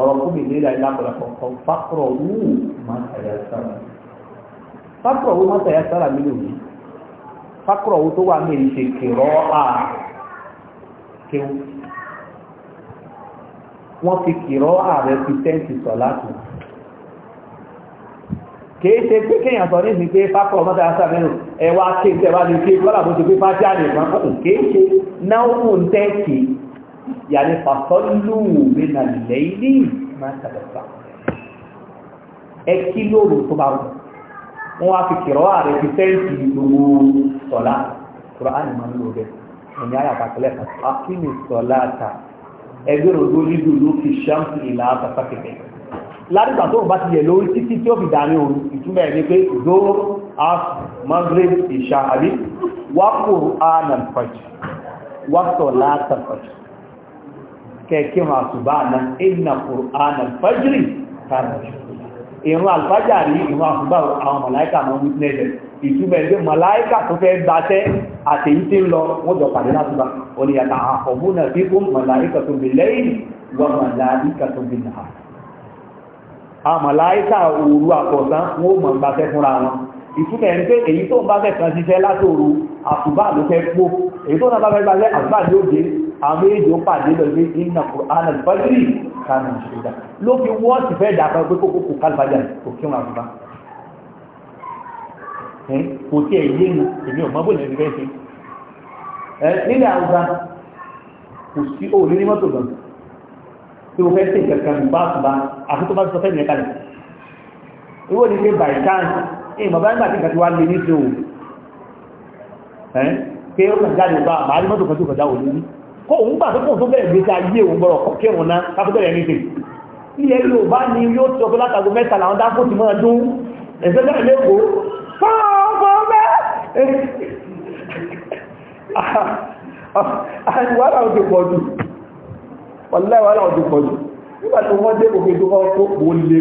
ọ̀rọ̀ kó mi lé láìlá pọ̀lọpọ̀ kan fákọ̀rọ̀ wù máa tẹ̀yà sára fákọ̀rọ̀ wù máa tẹ̀yà sára mi lòdì fákọ̀rọ̀ wù tó wà mí ṣe kìrọ́ à kéwù wọ́n fi kìrọ́ à rẹ fi tẹ́ǹtì sọ̀ látò kìí ṣe pé kéèyàn sọ ní ìsìn pé fákọ̀rọ̀ máa tẹ̀yà sára mi lò ẹwà kéèké wá ní kí kọ́lá bó ti pé fájá nìkan kìí yàní fàtọ́lù nínà lẹ́yìnì máa ń tàbẹ̀tà ẹ kí lóòrùn tó bá wù wọ́n wá fi kìrọ́ ààrẹ fi fẹ́ǹsì gbogbo sọ̀lá kúrọ́ á ní máa ń lò rẹ̀ ẹ̀yìn ara àtàkùlẹ̀ kan á kí ni sọ̀lá ta ẹgbẹ́ rògbò lídò ló fi ṣáǹsì ìlà àtàkà kẹ̀kẹ́ ládùúgbà tó bá ti yẹ lórí títí tí ó fi dání òru ìtumọ̀ ẹ̀ ni pé zoro af maghrib ìṣà àbí wákòrò ánà fàjì wákòrò látà fàjì kẹ̀kí hàn àṣùbá àná ìnà kùrán alfajiri ìrún alfajari ìrún àṣùbá àwọn màláíkà mọ́ wítínẹ̀ẹ̀dẹ̀ ìtumẹ̀ pé màláíkà tó fẹ́ gbáṣẹ́ àtèyí tí ń lọ wọ́n jọ pàdé látùbá oníyàtà àkọ̀bù náà bí kún màláíkà tó bè lẹ́yìn wọ́n ìtúkẹ̀ ẹni pé èyí tó ń bá fẹ́ kan ṣiṣẹ́ látòru àtùbá ló fẹ́ pó èyí tó ń bá fẹ́ gbaṣẹ́ àtùbá ní òde àwọn èdè ó pàdé lọ sí iná kùránà fẹ́jìrì kanu ìṣẹ̀dá ló fi wọ́ọ̀sì fẹ́ dà kan pé kókó kò kálífàjà kò kí wọn àtùbá kò tí ẹ̀ yé mi èmi ò mọ bó lẹ́nu fẹ́ ṣe nílẹ̀ àwùjá kò sí òòlù ní mọ́tò gan tí mo fẹ́ ṣe kankan bá àtùbá àti ìmọ̀ eh, bá ń gbà tí kàtí wá lè ní sí òun ẹ́ pé ó kàn jáde bá máa rí mọ́tò kan tó kàn jáwò lórí kó òun gbà tó kóun tó bẹ̀rẹ̀ gbèsè ayé òun gbọ́rọ̀ kírun ná káfí bẹ̀rẹ̀ ní sèé ilẹ̀ ni yóò sọ pé látàgò mẹ́ta làwọn dákò ti máa dún ẹ̀sẹ̀ náà lẹ́kọ̀ọ́ fọ́ọ̀fọ́ bẹ́ẹ̀ wàhálà òjò pọ̀ jù wàhálà òjò pọ̀ jù nígbà tó wọ́n dé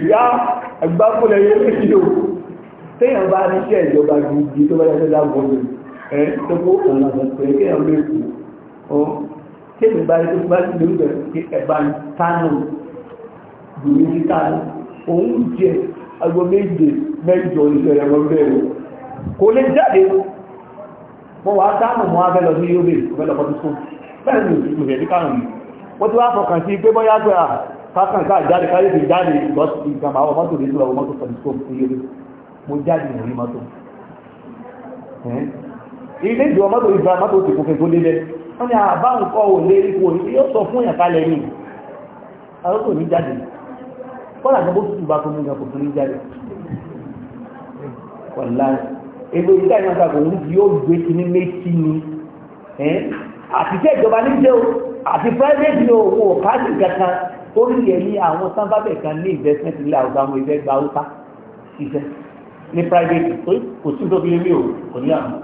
téèyàn bá ní iṣẹ́ ìjọba gidi tó bá yẹ lágbọ́dọ̀ ẹ tó kó ọ̀nà ọ̀sẹ̀ kéèyàn lè kú ọ kéèmì bá yẹ tó bá ti lè bẹ̀rẹ̀ kí ẹ̀bá tánù gbòmí sí tánù òun jẹ agbo méje mẹ́jọ ìṣẹ̀lẹ̀ wọn bẹ̀rẹ̀ kò lè jáde mo wà tánù mo wá fẹ́ lọ sí Yobe fẹ́ lọ fọ́tún fún bẹ́ẹ̀ ni mo fẹ́ ní kánù wọ́n ti wá fọkàn sí pé bọ́yá pé à kákan ká jáde káyé ti mo jáde ìrìn mọ́tò ilé ìjọ mọ́tò ìgbà mọ́tò ti kòfin tó lélẹ̀ wọ́n ni àbá nǹkan ò lè rí kò ní yóò sọ fún ìyàkálẹ̀ yìí àrókò ní jáde kọ́lá tó bó tútù bá tó mú ìyàn kò tó ní jáde wọ̀lá èrò ìjà ìyàn àgbà òun yóò gbé kí ní méjì ni àti tẹ́ ìjọba ní jẹ́ o àti private ni òun ò káàdì kankan ó rí ẹ̀yìn àwọn sábàbẹ̀ kan ní investment ilé àwùjọ àwọn ìfẹ́ gba haúsá ṣiṣẹ́ ní private pé kò sí tó fi lé mi ò kò ní àmọ́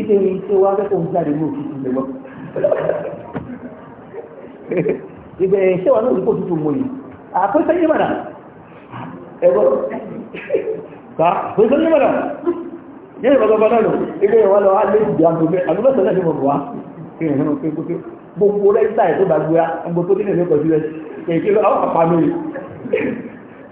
ìdè mi ṣe wá fẹ́ kó ń jáde ní òkìtì lè mọ́ ìbẹ̀rẹ̀ ṣé wà ní òkìtì òtútù mọ́ yìí àpẹẹsẹ yìí mọ̀nà ẹ̀gbọ́n ká àpẹẹsẹ yìí mọ̀nà yẹ́n ìbọn bọ́bọ́ náà lò ilé ìwọ́n lọ alẹ́ ìjọ àgbègbè àgbẹ̀sẹ̀ náà ṣe mọ̀ wá kí ni ìhun kéko ké gbogbo rẹ̀ ń tà ẹ̀ tó bá gbéra gbogbo tó ní ìlú ẹ̀kọ́ sílẹ̀ kèké lọ àwọn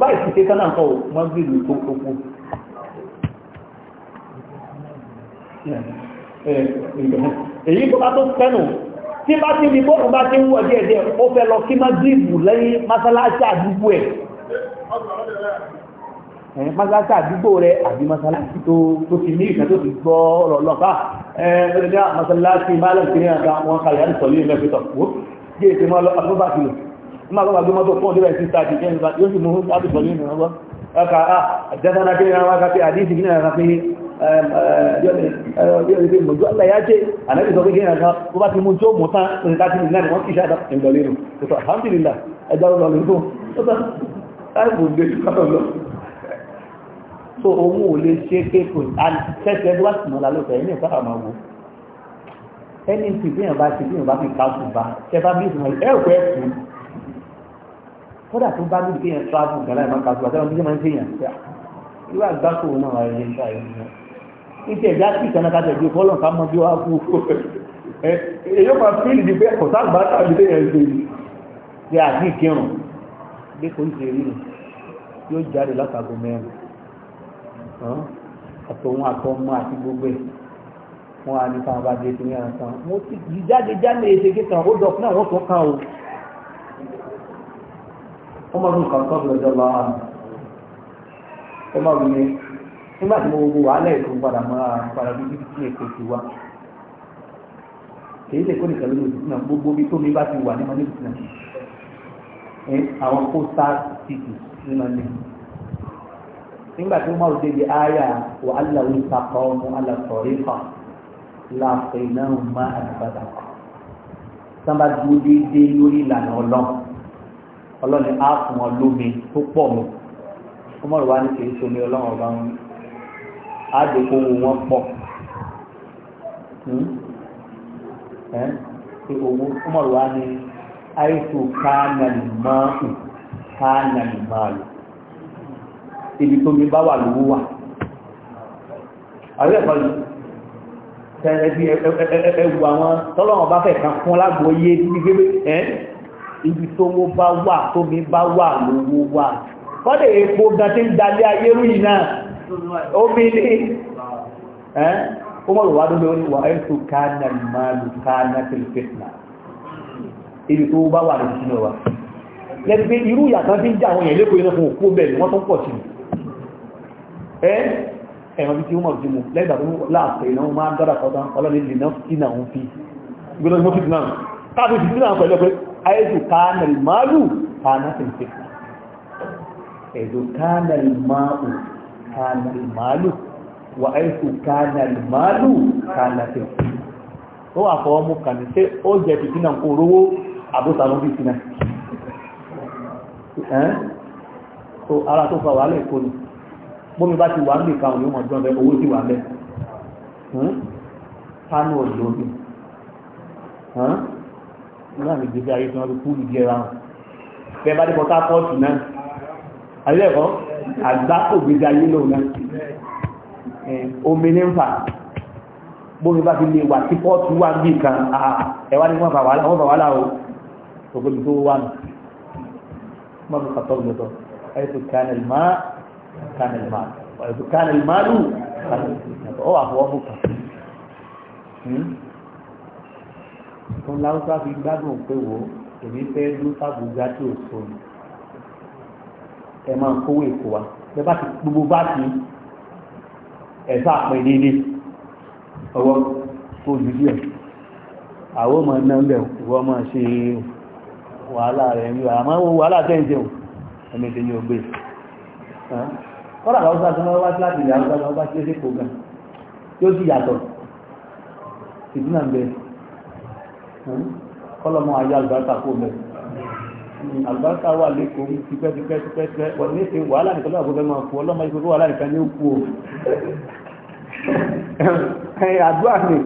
tó bá ìsìnké tán náà kọ́ mọ́gbìlì tó kókó èyí tó bá tó fẹ́nu tí bá ti ní bọ́ọ̀rùn bá ti ń wọ́ díẹ̀ díẹ̀ ó fẹ́ lọ kí má dìbò lẹ́yìn mọ́sálásí àdúgbò ẹ̀ mọ́sálásí àdúgbò rẹ̀ àbí mọ́sálásí tó ti ní ìfẹ́ tó ti gbọ́ ọ̀rọ̀ lọ́pàá ẹ̀ẹ́dẹ́gbẹ́ mọ́sálásí máa lẹ́sìn ní àgbà wọn kalẹ̀ àdìsọ̀lẹ́ mẹ́fẹ́tọ̀ ma gbogbo agbé mọ́tò fún ọdúnrẹ̀ sí sáàtì jẹ́ nípa yóò sì mú láti pọ̀lú ìrìn ọgbọ́ ọkà ah, àjẹ́sára kí náà wákà pé àdíjì kí náà pé yóò pé mọ̀jú aláyájẹ́ ànábì sọ pé kí náà tó bá ti mú tó mọ̀tá ni wọ́n kì í ṣáàdá ìgbọ̀lérò tó alhamdulillah ẹjọ́ so òun ò lè ṣe kéèkò àtẹ́sẹ̀ ẹgbẹ́ láti mọ̀lá lóòfẹ́ ẹni ìpára máa wò ẹni tí bí èèyàn bá ti bí èèyàn bá kódà tó bá níbi kéèyàn travel gàlá ìmọ̀ kàtó àtàwọn bíjẹ́ máa ń kéèyàn sí à irú àgbákò náà wà lè ṣe àyè náà níta ẹ̀dá sí ìkànnà kájọ ìgbé fọlọ́ ká mọ bí wàá kú ẹ èyí máa fi ìdí pé kò sábà tàbí kéèyàn ṣe yìí ṣe àti ìkírun bí kò ń ṣe rí yóò jáde látàgò mẹ́rin àtòun àtọmọ àti gbogbo ẹ̀ wọn á ní sáwọn bá dé sí ní àtàwọn mo ti jáde jáde ètè kékan ó dọ̀ fún àwọn tó kàn ó Umar bin Khattab radiyallahu anhu Umar bin nígbà tí mo wo wàhálà ètò padà máa padà bí bí tí èkó ti wá èyí lè kó nìkan lórí òtútù náà gbogbo bí tómi bá ti wà ní mọ́lẹ́ òtútù náà àwọn coastal cities ní mọ́lẹ́ nígbà tí Umar débi àyà wà aláwo ìsàkọ́ ọmọ alàtọ̀rẹ́ kan láàfin náà má àdìbàdà kan sábà dúró déédéé lórí ìlànà ọlọ́run ọlọ́ni á fún ọ lómi tó pọ̀ mu ọmọ rẹ̀ wá ní kìí ṣomi ọlọ́run ọba ń àdókòwò wọn pọ̀ ṣe owó ọmọ rẹ̀ wá ní àìsù káànàlì máàlù káànàlì máàlù ibi tómi bá wà lówó wà àwọn ẹ̀kọ́ yìí ẹ̀ẹ́dì ẹ̀wù àwọn tọ́lọ́run ọba fẹ̀ kan fún lágbo yé gbígbé ẹ̀ ibi tó wó bá wà tó mi bá wà lówó wà fọ́dẹ̀ epo gan tí ń dalé ayé rí náà omi ní ẹ́ ó mọ̀ lọ́wọ́ adúlé orí wà ẹ́sù káàdà ìmáàlù káàdà tẹlifẹ̀tìlá ibi tó bá wà lè sínú wa lẹ́gbẹ́ irú ìyàtọ̀ tí ń jà àwọn èèyàn lẹ́kọ̀ọ́ iná fún òkú bẹ̀rẹ̀ wọ́n tó pọ̀ sí ẹ́ ẹ̀wọ̀n bí tí ó mọ̀ sí mu lẹ́gbà tó láàpẹ̀ ìnáwó máa dára aizu kanar malu kanatin fitna aizu kanar ma'u kanar malu wa aizu kanar malu kanatin fitna ó wà muka mú kàn ní pé ó jẹ fìtínà kó rówó so ara tó fa wàhálà èkó ni bómi bá ti wà ń lè ka òun yóò mọ̀ jọ́ bẹ́ẹ̀ owó ti wà bẹ́ẹ̀ kánú ọ̀dọ́ bíi náà lè gbèsè ayé tí wọ́n fi kúrú díẹ̀ ráhùn bẹ́ẹ̀ bá dé pọ́tà pọ́ọ̀tù náà àlẹ́kọ́ àgbá kò gbèsè ayé lòun náà omi ní ń fà bómi bá fi lè wà tí pọ́ọ̀tù wà ń bì kan ẹ̀wá ni wọ́n fà wàhálà o ògbóni tó wà nù mọ́ bí kàtọ́ lọ́tọ́ ẹ̀sùn kánẹ̀lmá kánẹ̀lmá ẹ̀sùn kánẹ̀lmá lù kánẹ̀lmá ọ̀ àfọwọ́ fún òun láwùjọ fi gbádùn pé wò èmi fẹ́ ló sábùjá tí ò sọ ni ẹ máa ń kówó èkó wa bẹ bá ti gbogbo bá ti ẹ̀fọ́ àpẹ nílé ọwọ́ tó ju díẹ̀ àwọn ọmọ náà ń bẹ̀ wọ́n máa ṣe wàhálà rẹ̀ ń yọ àmọ́ wàhálà tẹ́ ń jẹun ẹni tẹ́ ní ọgbẹ́ kọ́lá àwọ́sá tó wá sí láti ilẹ̀ àwọ́sá tó wá sí ẹsẹ̀ gan yóò sì yàtọ̀ ìdúnà ń bẹ̀rẹ̀ kọ́lọ́mọ ayé àlùbáríkà kó mẹ́ àlùbáríkà wà lẹ́kọ̀ọ́ tipẹ́tipẹ́tipẹ́ wọ́n ní ṣe wàhálà nìkan lọ́wọ́ fẹ́ máa fọ́ ọlọ́mọ ìfẹ́ wàhálà nìkan ní kú o àdúrà ni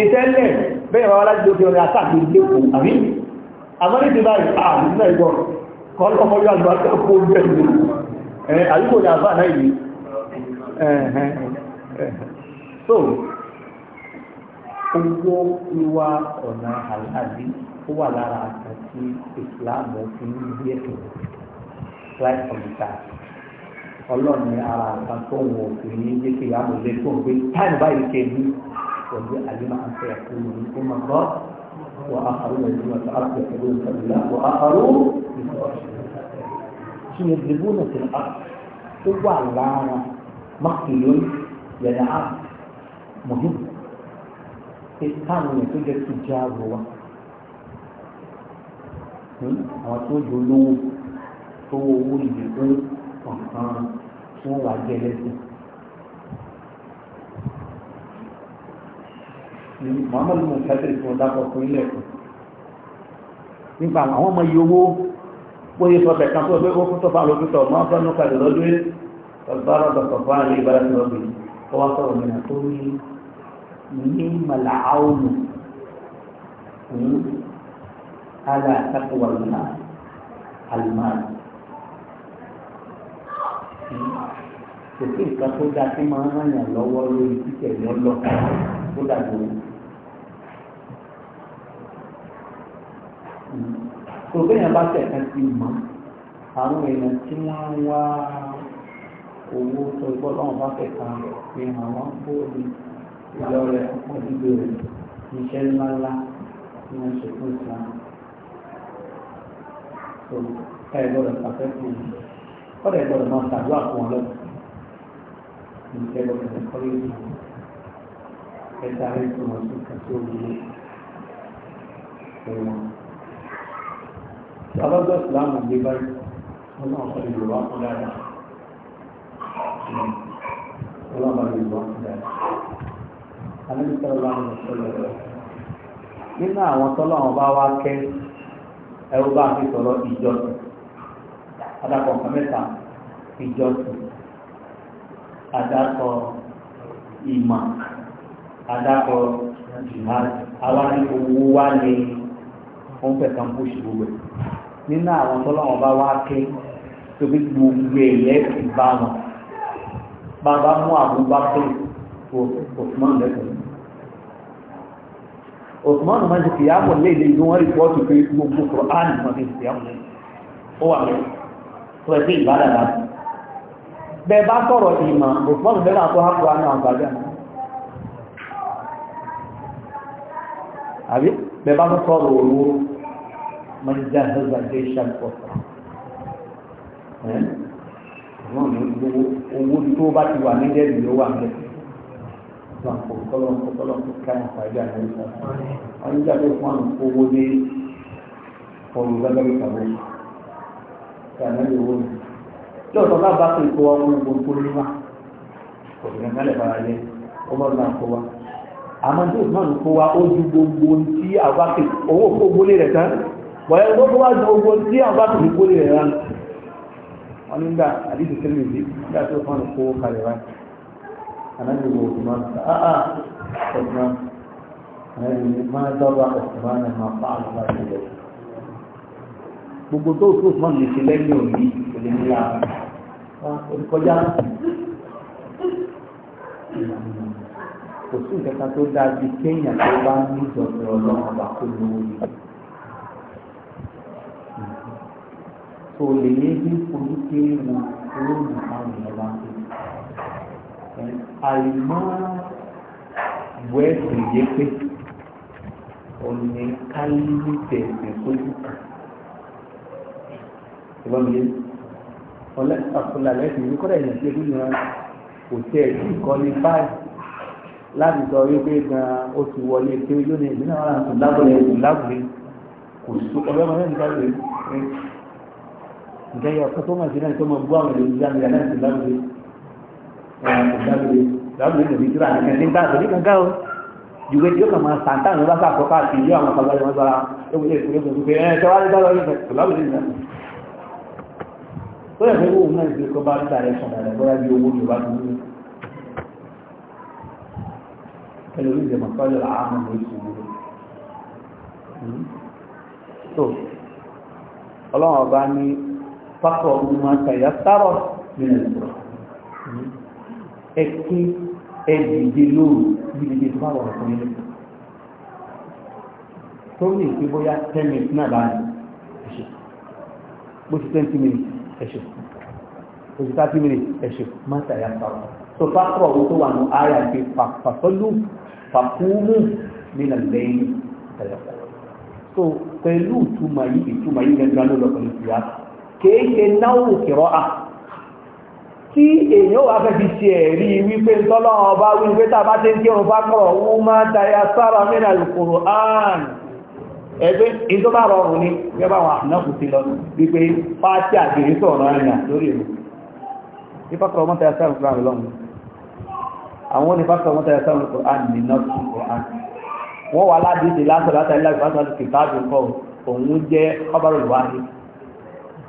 ìtẹ́lẹ̀ bẹ́ẹ̀ wà láti lókè ọ̀rẹ́ àtàkì lẹ́kọ̀ọ́ àrí àmọ́rí ti báyìí ààrùn náà ìgbọ́ kọ́lọ́mọ yóò àlùbáríkà kó mẹ́ àríkò ní àbá náà so owó wíwá ọ̀nà àlàyé ó wà lára àṣà tí ìsìláàmù fi ń gbé ètò flight computer ọlọ́run ní ara àṣà tó ń wọ̀ òfin ní jẹ́ kí ìyá mọ̀lẹ́ tó ń gbé táìmù báyìí kẹ́ni pẹ̀lú àlímọ̀ àṣẹ ẹ̀kọ́ ní ó máa gbọ́ wà á àrùn ẹ̀dùn àti ẹ̀kọ́ ní ìtàlùlá wà á àrùn ìtàlùlá ṣùgbọ́n ìdìbò pé káàmù yẹn tó jẹ́ hmm? tó jẹ́ àrò wa àwọn tó jọ lówó owó owó ìlú fún ọ̀kan tí wọ́n wà jẹ́ lẹ́sìn. Hmm? muhammadu muhammadu tí wọ́n dákọ̀ fún ilé ẹ̀kọ́ nípa àwọn ọmọ iye owó bóyá sọ bẹ̀ẹ̀ kan tó ẹgbẹ́ fún tọ́fà lókítọ̀ máa fẹ́ nù kàdé lọ́dún ọ̀gbára dọ̀tọ̀ fún àlè ìbára tí wọ́n gbé wọ́n wá mìíràn tó ní نعم العون على تقوى المال المال kò sí nǹkan tó dáa tí máa ń ràyàn lọ́wọ́ lórí títẹ̀ lọ́lọ́ tó dàgbò hmm? kò béèyàn bá tẹ̀ka sí mọ́ àwọn èèyàn tí wọ́n ń wá owó tó gbọ́dọ̀ wọn bá tẹ̀ka fi hàn wọ́n bóyá ìlọrẹ àdúgbò rẹ iṣẹ́ ńláńlá tí wọ́n ṣe fún islam tó káyọ̀ gbọ́dọ̀ pàṣẹ fún mi kọ́dọ̀ gbọ́dọ̀ máa ṣàdúrà fún wọn lọ́dọ̀ ìṣẹ́ gbọ́dọ̀ ní kọ́lé ìlú ẹ̀ta rẹ̀ fún wọn sí kàtó òwúrọ̀ fún wọn. Abájọ́ ìsìláàmù gbé báyìí, wọ́n náà sọ ìlú wa fún dáadáa. Ọlọ́run bá lè wá fún alẹ́sọ̀rọ̀ àwọn ìṣẹ̀lẹ̀ nínú àwọn tọ́lọ́ àwọn bá wá kẹ́ ẹ̀rú bá fi sọ̀rọ̀ ìjọsìn adakọ̀ nǹkan mẹ́ta ìjọsìn adakọ̀ ìmọ̀ adakọ̀ jihad àwa ní owó wá ní wọ́n fẹ́ kan kó ṣe gbogbo nínú àwọn tọ́lọ́ àwọn bá wá kẹ́ tóbi gbogbo ẹ̀yẹ́ ìbámu bàbá mú àbúgbà pé òsùnmọ́ lẹ́kọ̀ọ́ osman máa ṣe kìyàmù léde ìlú wọn rìpọ́ọ̀tù pé gbogbo Quran máa ṣe kìyàmù léde ó wà mẹ́rin tó ẹ̀ sí ìbádà láti bẹ́ẹ̀ bá sọ̀rọ̀ ìmọ̀ osman bẹ́ẹ̀ náà tó há Quran àbí bẹ́ẹ̀ bá tó sọ̀rọ̀ owó máa ń jẹ́ ẹ̀hẹ́zà jẹ́ iṣẹ́ ìpọ̀tà owó ìsànkò kọlọ́nkò kọlọ́nkò káyà pàdé àwọn ìsàn wọn nígbà tó fún àwọn owó dé ọrùn gbẹgbẹrẹ kàwé kàná lè wó ni tí ọ̀sán bá bá pèkó wa wọn gbogbo níwá òṣèré kan lè fara lé ọmọ náà kó wa àmọ́ tí òsán kó wa ó ju gbogbo tí àwa pè owó kó gbólé rẹ̀ tán bọ̀yẹ̀ gbogbo wa ju gbogbo tí àwa pè gbólé rẹ̀ rán wọn nígbà àdìsí sẹ́lẹ̀ nígbà tó fún àwọn kó kalẹ̀ báyìí anabi wo Usman aa ah, ah, Usman anabi wo Usman dọ́gba Usman ẹ̀ máa fa àwọn àti ilẹ̀ gbogbo tó tó Usman lè ṣe lẹ́yìn òní kò lè nílá olùkọjá kò sí nǹkan tó dáa ju kéèyàn tó bá ní ìjọsìn ọlọ́run ọba kó lówó yìí tó lè ní bí fojú kéré wọn lórí àwọn ìyẹn bá àìmọ́ bu ẹ̀sìn yé pé òní kálíwì tẹ̀sìn sójú kan ìbọn mi ọlẹ́sàkúlà lẹ́sìn yìí kọ́dà ìyẹn ṣe fún ìran kò tẹ̀ sí ìkọ́ni báyìí láti sọ wípé gan-an ó ti wọlé pé lónìí ìbílẹ̀ wọn àti lábúlé lábúlé kò sí ọ̀rẹ́ wọn lẹ́nu bá lè rí nǹkan yẹ ọ̀pẹ́ tó mọ̀ sí náà tó mọ̀ gbọ́ àwọn ènìyàn ìyá mi láti lábúlé láàbùdó ìdòmí tíra ní ẹni dá àtòrí kan gáwó ìwé tí ó kàn máa sàǹtà ní wọ́n bá kọ́kọ́ àti ìlú àwọn ọ̀sán lọ́wọ́ sọ́ra ó wọlé ìpínlẹ̀ tó gbé ẹ̀ tẹ́wàá lé dọ́lọ́ yìí pẹ̀lú láàbùdó ìdòmí tó yẹ fẹ́ wọ́n náà ìgbé kọ́ bá ń tàrẹ sọ̀rọ̀ rẹ̀ bọ́yá bí owó yorùbá tó ní ẹlòmí ìjẹmọ̀ tọ́jọ́ àmọ́ ní oṣù wúlò tó ọlọ́run ọba ní pápọ̀ ọdún máa ń tẹ̀yà sárọ̀ nínú ìgbà ẹkí ẹdìdè lóru gidigidi tó bá wà fún yín tó ní ìpè bóyá ten minutes náà bá ní ẹṣẹ bó ti twenty minutes ẹṣẹ bó ti thirty minutes ẹṣẹ má ṣàyà pàrọ tó bá kọ̀ owó tó wà ní àyà pé pàpàtọ́lù pàkúmù nínú lẹ́yìn ṣàyà pàrọ so pẹ̀lú ìtumọ̀ yìí ìtumọ̀ yìí gẹ́gẹ́ ló lọ pẹ̀lú ìyá kéèké náwó kìrọ́ à tí èyàn wà fẹ́ fi ṣe ẹ̀rí wípé tọ́lọ́wọ́ bá wí wípé tàbá tí ń kírun bá kọ̀rọ̀ ó máa tayà sára mẹ́rin alùkòrò ààrùn ẹgbẹ́ ìjọ bá rọrùn ní gẹ́bà wọn ànáfù sí lọ wípé pàtí àgbèrè sọ̀rọ̀ àrìnà lórí ẹ̀rù ìfàkọ̀rọ̀ mọ́tayà sára mẹ́rin lọ́rùn àwọn onífàkọ̀rọ̀ mọ́tayà sára mẹ́rin lọ́rùn ní nọ́ọ̀tù kọ̀ọ̀án wọ́n wà ládìí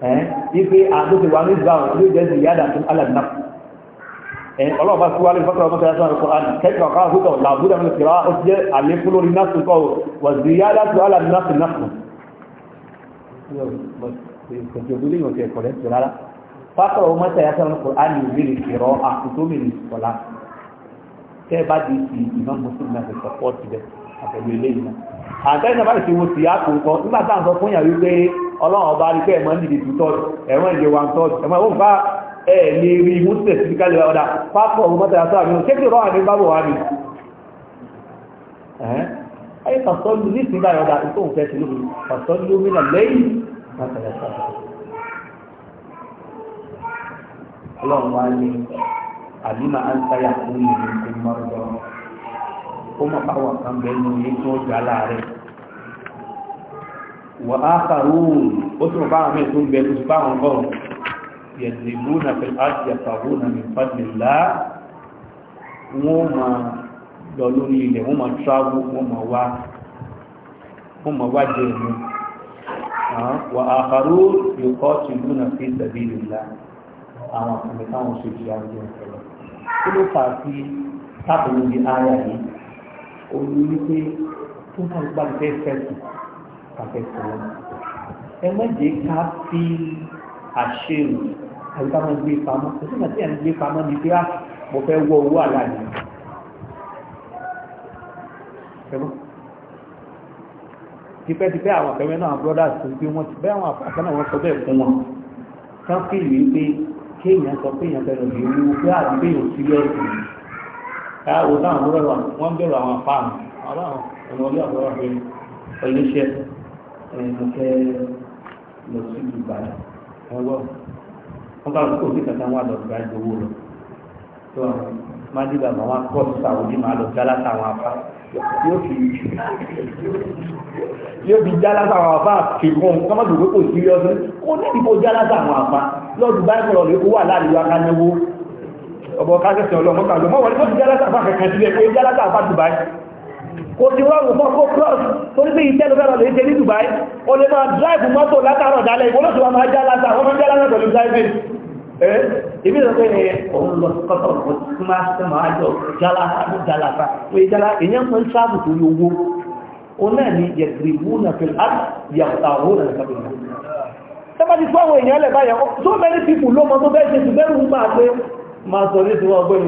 ẹ́ ife àtúnṣe wà ní ìbáwọn yóò jẹ́ sí ìyáda tó alàdínà ẹ̀ ọlọ́ọ̀bá sí wálé fọ́tọ̀ ọmọ kẹta sọ́rọ̀ kọ́rán kẹ́kọ̀ọ́ ká hútọ̀ làbúdà mi kìlá ó jẹ́ àlékún lórí násù kọ́ wà sí ìyáda tó alàdínà sí násù. fọ́tọ̀ ọmọ kẹta sọ́rọ̀ kọ́rán ní ìwé ìkìrọ̀ àkùtó mi ní sọ́lá tẹ́ bá di ti ìmọ̀ mùsùlùmí náà ti sọ̀pọ̀ ti bẹ̀ àtẹ̀lé ilé ìmọ̀ àtẹ́sẹ̀ bá ti wo sí àkùnkọ́ nígbà táwọn sọ fún yàrá ọlọ́run ọba rí pé ẹ̀mọ́ nídìí tó tọ́jú ẹ̀mọ́ ìdí wa ń tọ́jú ẹ̀mọ́ ìwọ̀n bá ẹ̀ lè rí mú specifically ọ̀dà pápọ̀ ọmọ mọ́tàlá tó àmì ṣé kí rọ́ àmì bábò ni ẹ̀yìn pàṣọ́lù ní ìsìn báyọ̀ ọ̀dà tó ń fẹ́ sí lóbi pàṣọ́lù mìíràn lẹ́yìn mọ́tàlá tó ọlọ́run wá ní àbímọ àǹtáyà fún wà á kàrún ó tún bá àwọn ètò ìgbẹ́ tó bá wọn bọ̀ yẹ̀dìbú na fi àti àtàwò na mi fàdìlá wọ́n máa lọ lórí ilẹ̀ wọ́n máa travel wọ́n máa wá wọ́n máa wá jẹ́ ẹ̀mí wà á kàrún yóò kọ́ tìlú na fi tàbí ìlà àwọn àkànlẹ̀ táwọn ṣe fi àwọn ọ̀pọ̀lọpọ̀ kí ló fà á sí tábìlì ní ara yìí ó ní wípé tó náà kàfẹ́kọ̀ọ́ ẹ má jẹ́ ká fi àṣẹrò àbí ká máa gbé pamọ́ kò sí tí à ń gbé pamọ́ ni pé ah, mo fẹ́ wọ owó àlàyé ẹ̀rọ tipẹ́tipẹ́ àwọn akẹ́wẹ́ náà brothers tó gbé wọn tipẹ́ àwọn akẹ́wẹ́ wọn sọ bẹ́ẹ̀ fún wọn kán fi ìwé pé kéèyàn sọ kéèyàn bẹ̀rẹ̀ lè wú pé àdúgbò yóò sí lẹ́ẹ̀kì káwọ táwọn búrọ̀ wọn bẹ̀rẹ̀ àwọn afáàmù àwọn ọmọ ilé àbúrò rẹ̀ pẹ̀lú iṣẹ́ ẹnìkẹ́ lọ sí Dubai ẹwọ́ wọ́n bá kó sí kankan wà lọ gba ìgbowó lọ tó àwọn mádìgbà máa wá pọ̀ sàwùdí máa lọ jálá táwọn afá yóò fi yóò fi jálá táwọn afá fìkún kọ́mọ́tò pé kò sí yọ́sẹ́ kó ní ìdìbò jálá táwọn afá lọ́dún báyìí kọ́ lọ́dún kó wà láàrin wa ká náwó ọ̀bọ̀ ká tẹ̀sán ọlọ́mọ́ta lọ́mọ́ wọlé mọ́tò jálá táwọn afá kẹ̀kẹ́ sílẹ̀ pé jálá táwọn afá Dubai kò rọrùn fún ọkọ̀ cross torí pé ìtẹ́lu fẹ́rọ lè ṣe ní Dubai o lè máa drive mọ́tò látàrọ̀ dálẹ̀ ìwọ́lọ́sùn máa já látà wọ́n máa já látà pẹ̀lú driving ẹ́ ibi ìrọ̀ pé òun lọ sí kọ́tọ̀ tí máa ṣe máa jọ jálá àbí jálá fa ń ṣáàbù so many people ló mọ tó bẹ́ẹ̀ ṣe ti bẹ́rù ń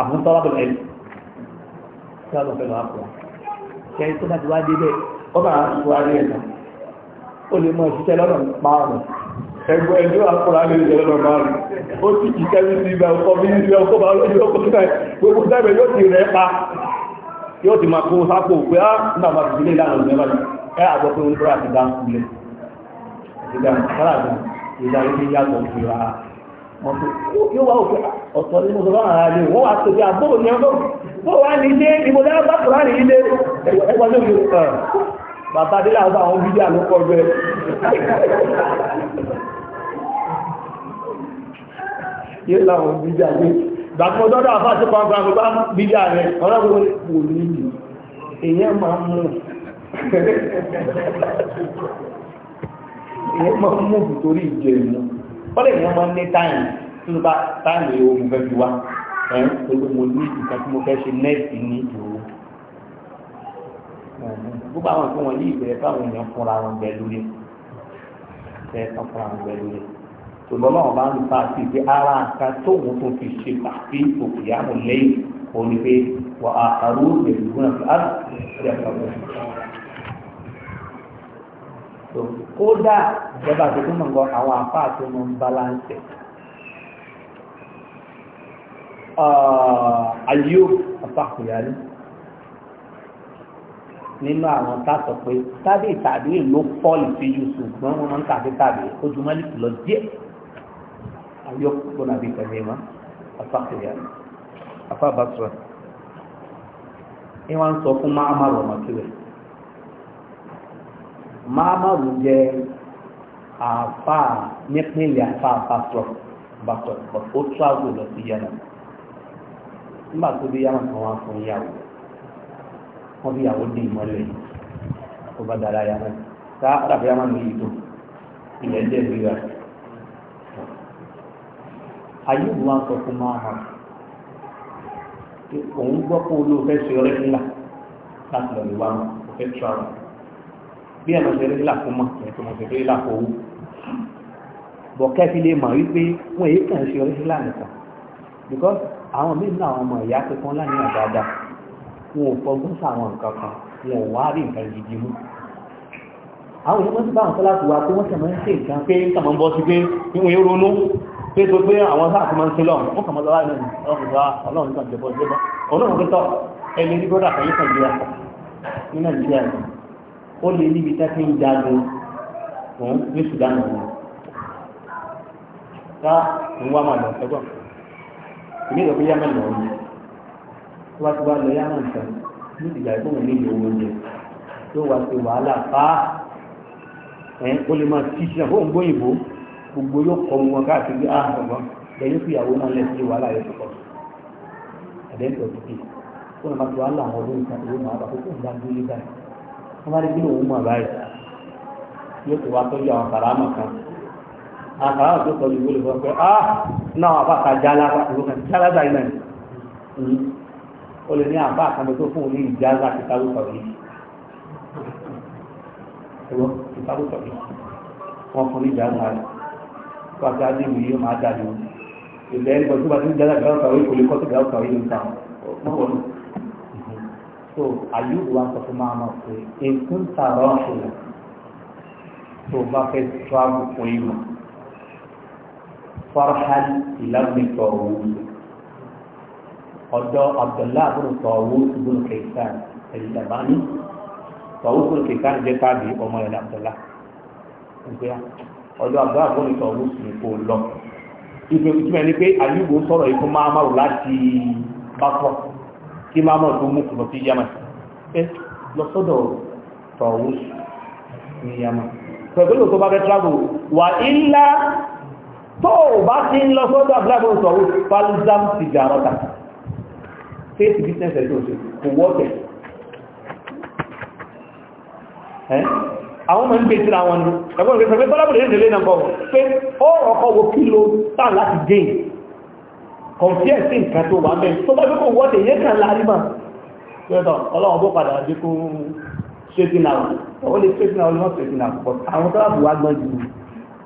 àfún tọ́lábọ̀ ẹ̀lú tí wọ́n fẹ́ lọ àpò ṣe tó bá ti wá dé bẹ́ẹ̀ ó bá sọ ara rẹ̀ nà ó lè mọ ìṣiṣẹ́ lọ́nà márùn-ún ẹgbẹ́ ẹjọ́ àkùrà lè jẹ lọ́nà márùn-ún ó ti jìkẹ́ ní ti ibà ọkọ̀ bí ní ọkọ̀ bá lọ́jọ́ ọkọ̀ tó náà gbogbo dáìbẹ̀ yóò ti rẹ̀ pa yóò ti máa kó sápò pé á ah, nígbà máa fi sílé ìlànà ìjọba ẹ àgbọ̀ pé oníkọ́ra ti dá ń kulẹ̀ ìdá ìdá ìdá ìdá ìdá ìdá mọ̀tò yóò wá òkè ọ̀tọ̀ nínú ọ̀tọ̀ náà ààrẹ wọ́n wá tóbi àbúrò ní ọdún bó wá ní ilé ìmọ̀lẹ́ àbákùrá ní ilé ẹgbẹ́ ló yóò kàn bàbá délé àwọn àwọn bíbí àlọ́kọ̀ rẹ̀ yé láwọn bíbí àlẹ́ gbàgbọ́ dọ́dọ̀ àbá ti pa gbàgbọ́ bá bíbí àlẹ́ ọ̀rọ̀ gbogbo kò ní ìlú èèyàn máa mú èèyàn máa mú torí ìjẹ̀mú kọ́lẹ̀ ìyẹn máa ń ní táyì tó bá táyì owó mo fẹ́ fi wá ẹ̀ ń pẹ̀lú mo ní ìkan tí mo fẹ́ ṣe nẹ́ẹ̀sì ní ìdòwò gbogbo àwọn ìpín wọn yí ìbẹ̀rẹ̀ fáwọn èèyàn fúnra wọn bẹ̀ lórí ẹ̀ kan fúnra wọn bẹ̀ lórí tòlọ́lọ́ wọn bá ń fa sí pé ara nǹkan tóun tó fi ṣe pàṣẹ òkèèyàn lẹ́yìn òní pé wà á àrùn ìrìnàjò àti ìrìnàjò kódà ìjọba àti gómìnà gan àwọn mọ ń balance ah, nínú a sọ pé tàbí tàbí ló pọ́ọ̀lù Yusuf ṣùgbọ́n wọn máa ń tàbí tàbí lọ Mamaru jẹ́ àfà nípínlẹ̀ àfà bàtọ̀ bàtọ̀ ó tíráàbù lọ sí yẹnà nígbà tó bí yàrá kan wá fún ìyàwó wọn bí ìyàwó dé ìmọ̀lẹ̀ yìí tó bá dára yàrá tá àdàbí yàrá mi yìí tó ilẹ̀ dẹ̀ rírà ayé wọn òun láti bí ẹ̀nà ṣẹlẹ̀ ìlàkó mọ̀ ẹ̀tọ́ mọ̀ ṣẹlẹ̀ ìlàkó owó bọ̀kẹ́fì lè mọ̀ wípé wọ́n èyí kàn ṣe orí sílà nìkan because àwọn míì náà àwọn ọmọ ìyá pípọ́n láàrin àdáadá wọn ò fọgbọ́n sáwọn nǹkan kan wọn ò wá rí nǹkan gidi mú àwọn ìyá wọn ti bá àwọn sọ́láàtì wa pé wọ́n sì máa ń ṣe nǹkan pé ń kàmọ́ ń bọ́ sí pé níwọ̀n yóò ronú pé tó pé àwọn sáà ti máa ń ṣe lọ́run ó lè níbi tẹ́tí ń jáde fún hmm, ní Sudan ọ̀hún ká ń wá máa lọ sẹ́gbọ̀n ìní ìlọ fún yámẹ́ lọ́wọ́ yìí tó bá ti wá lọ yámẹ́ nǹkan ní ìgbà tó wọn nílò owó oúnjẹ tó wá sí wàhálà pa ẹ ó lè máa tí ìṣẹ́ fóun gbóyìnbó gbogbo yóò kọ́ mu wọn káàkiri ah, áhùn ọ̀gbọ́n lẹ́yìn fún ìyàwó náà lẹ́sìn wàhálà rẹ̀ tó pọ̀ ẹ̀dẹ́gbẹ̀ọ́ tó kì í kó lè máa ti wàhálà àwọn ọdún ìta ìwé màá bàtó tó ń bá gbé lé báyìí wọ́n bá rí bí òun mọ̀ báyìí yóò ti wá tọ́jú àwọn kàrámà kan àwọn kàrámà tó tọ́jú ìwé lọ́wọ́ pé ah náà àwọn àbá kan jálá ìwé kan jálá báyìí náà hmm. o lè ní àbá kan tó fún un ní ìjálá kìtàlù kọ̀ọ̀lì ẹ̀rọ kìtàlù kọ̀ọ̀lì wọ́n fún ní ìjálá rẹ̀ kó àti adé ìwé yóò máa dàbí ìlẹ́yìn pẹ̀lú tó bá ti ń jálá kìtàlù kọ̀ọ̀lì kò lè kọ́ so ayúbù wa sọ fún máa ma pé èkún tààrọ ṣùgbọ́n tó bá fẹ́ tíráàbù fún ìmọ̀ farhan ìlànìtọ̀ òwú ọ̀dọ̀ abdullahi abúrúkọ owó ìbúrú kẹsàn ẹ̀dìdàbáni tọ̀wó ìbúrú kẹsàn jẹ́ káàdì ọmọ ẹ̀dà abdullahi ìgbéyà ọ̀dọ̀ abdullahi abúrúkọ owó sì kò lọ ìgbésùn ẹni pé ayúbù sọ̀rọ̀ ikú máa máa wù láti bá pọ̀ tí máa mọ̀ tó mú kù lọ sí yamá ẹ lọ sọ́dọ̀ tọ̀wọ́ ní yamá pẹ̀lú tó bá fẹ́ travel wà ilá tó bá ti ń lọ sọ́dọ̀ àbúrábọ̀ tọ̀wọ́ falzam ti jà rọ́ta faith business ẹ̀ tó ṣe kò wọ́tẹ̀ àwọn ọmọ ń gbé síra wọn ní ẹgbọ́n ìgbésẹ̀ pé tọ́lábùrẹ̀ ìdílé náà kọ́ pé ó ọkọ̀ wo kí lo tán láti gain kọ̀ọ̀fíẹ̀ sí nǹkan tó wà mẹ́ tó bá gbogbo wọ́dẹ̀ yẹ́ kan lárímà lọ́dọ̀ ọlọ́wọ́ bó padà dé kó ṣétìnà ó lè ṣétìnà olùmọ̀ ṣétìnà pọ̀ àwọn tó láàbù wá gbọ́n ju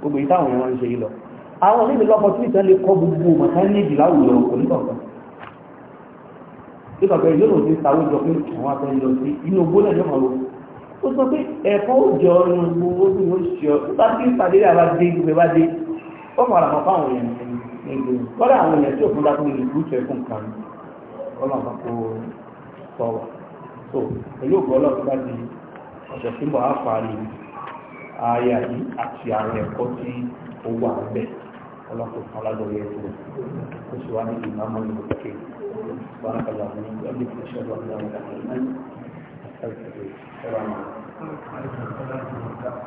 gbogbo ìtàwọn ìwọ̀n ṣe yìí lọ àwọn níbi lọ́pọ̀ tí ìtàn lè kọ́ gbogbo mọ̀tá níbi láwùjọ kò ní kọ̀ọ̀kan nígbàgbọ́ yóò lòdì sáwọ́ jọ pé àwọn afẹ́ lọ sí inú ogbó náà yọ̀mọ̀ lọ ó sọ pé ẹ̀kọ́ òjò ọ̀run gbogbo ó sì ń ṣe ọ́ bá tí ìpàdé rẹ̀ bá dé gbogbo bá dé ó mọ̀ àràmọ̀ fáwọn èèyàn níbi kọ́lá àwọn èèyàn tí òfin dákúrò lè bú ìṣẹ́ fún kan kọ́lá ọ̀gá kó sọ wà so pẹ̀lú òkú ọlọ́run bá di ọ̀sẹ̀ tí mo á parí ààyè yìí àti àwọn ẹ̀kọ́ tí ó wà bẹ́ẹ̀ ọlọ́run kan lágbọ̀ọ́yẹ fún un ó sì wá ní ìmáàmù ní òkè bárakàlà ní ọdún tí ìṣẹ́lú àwọn ọmọ ìgbà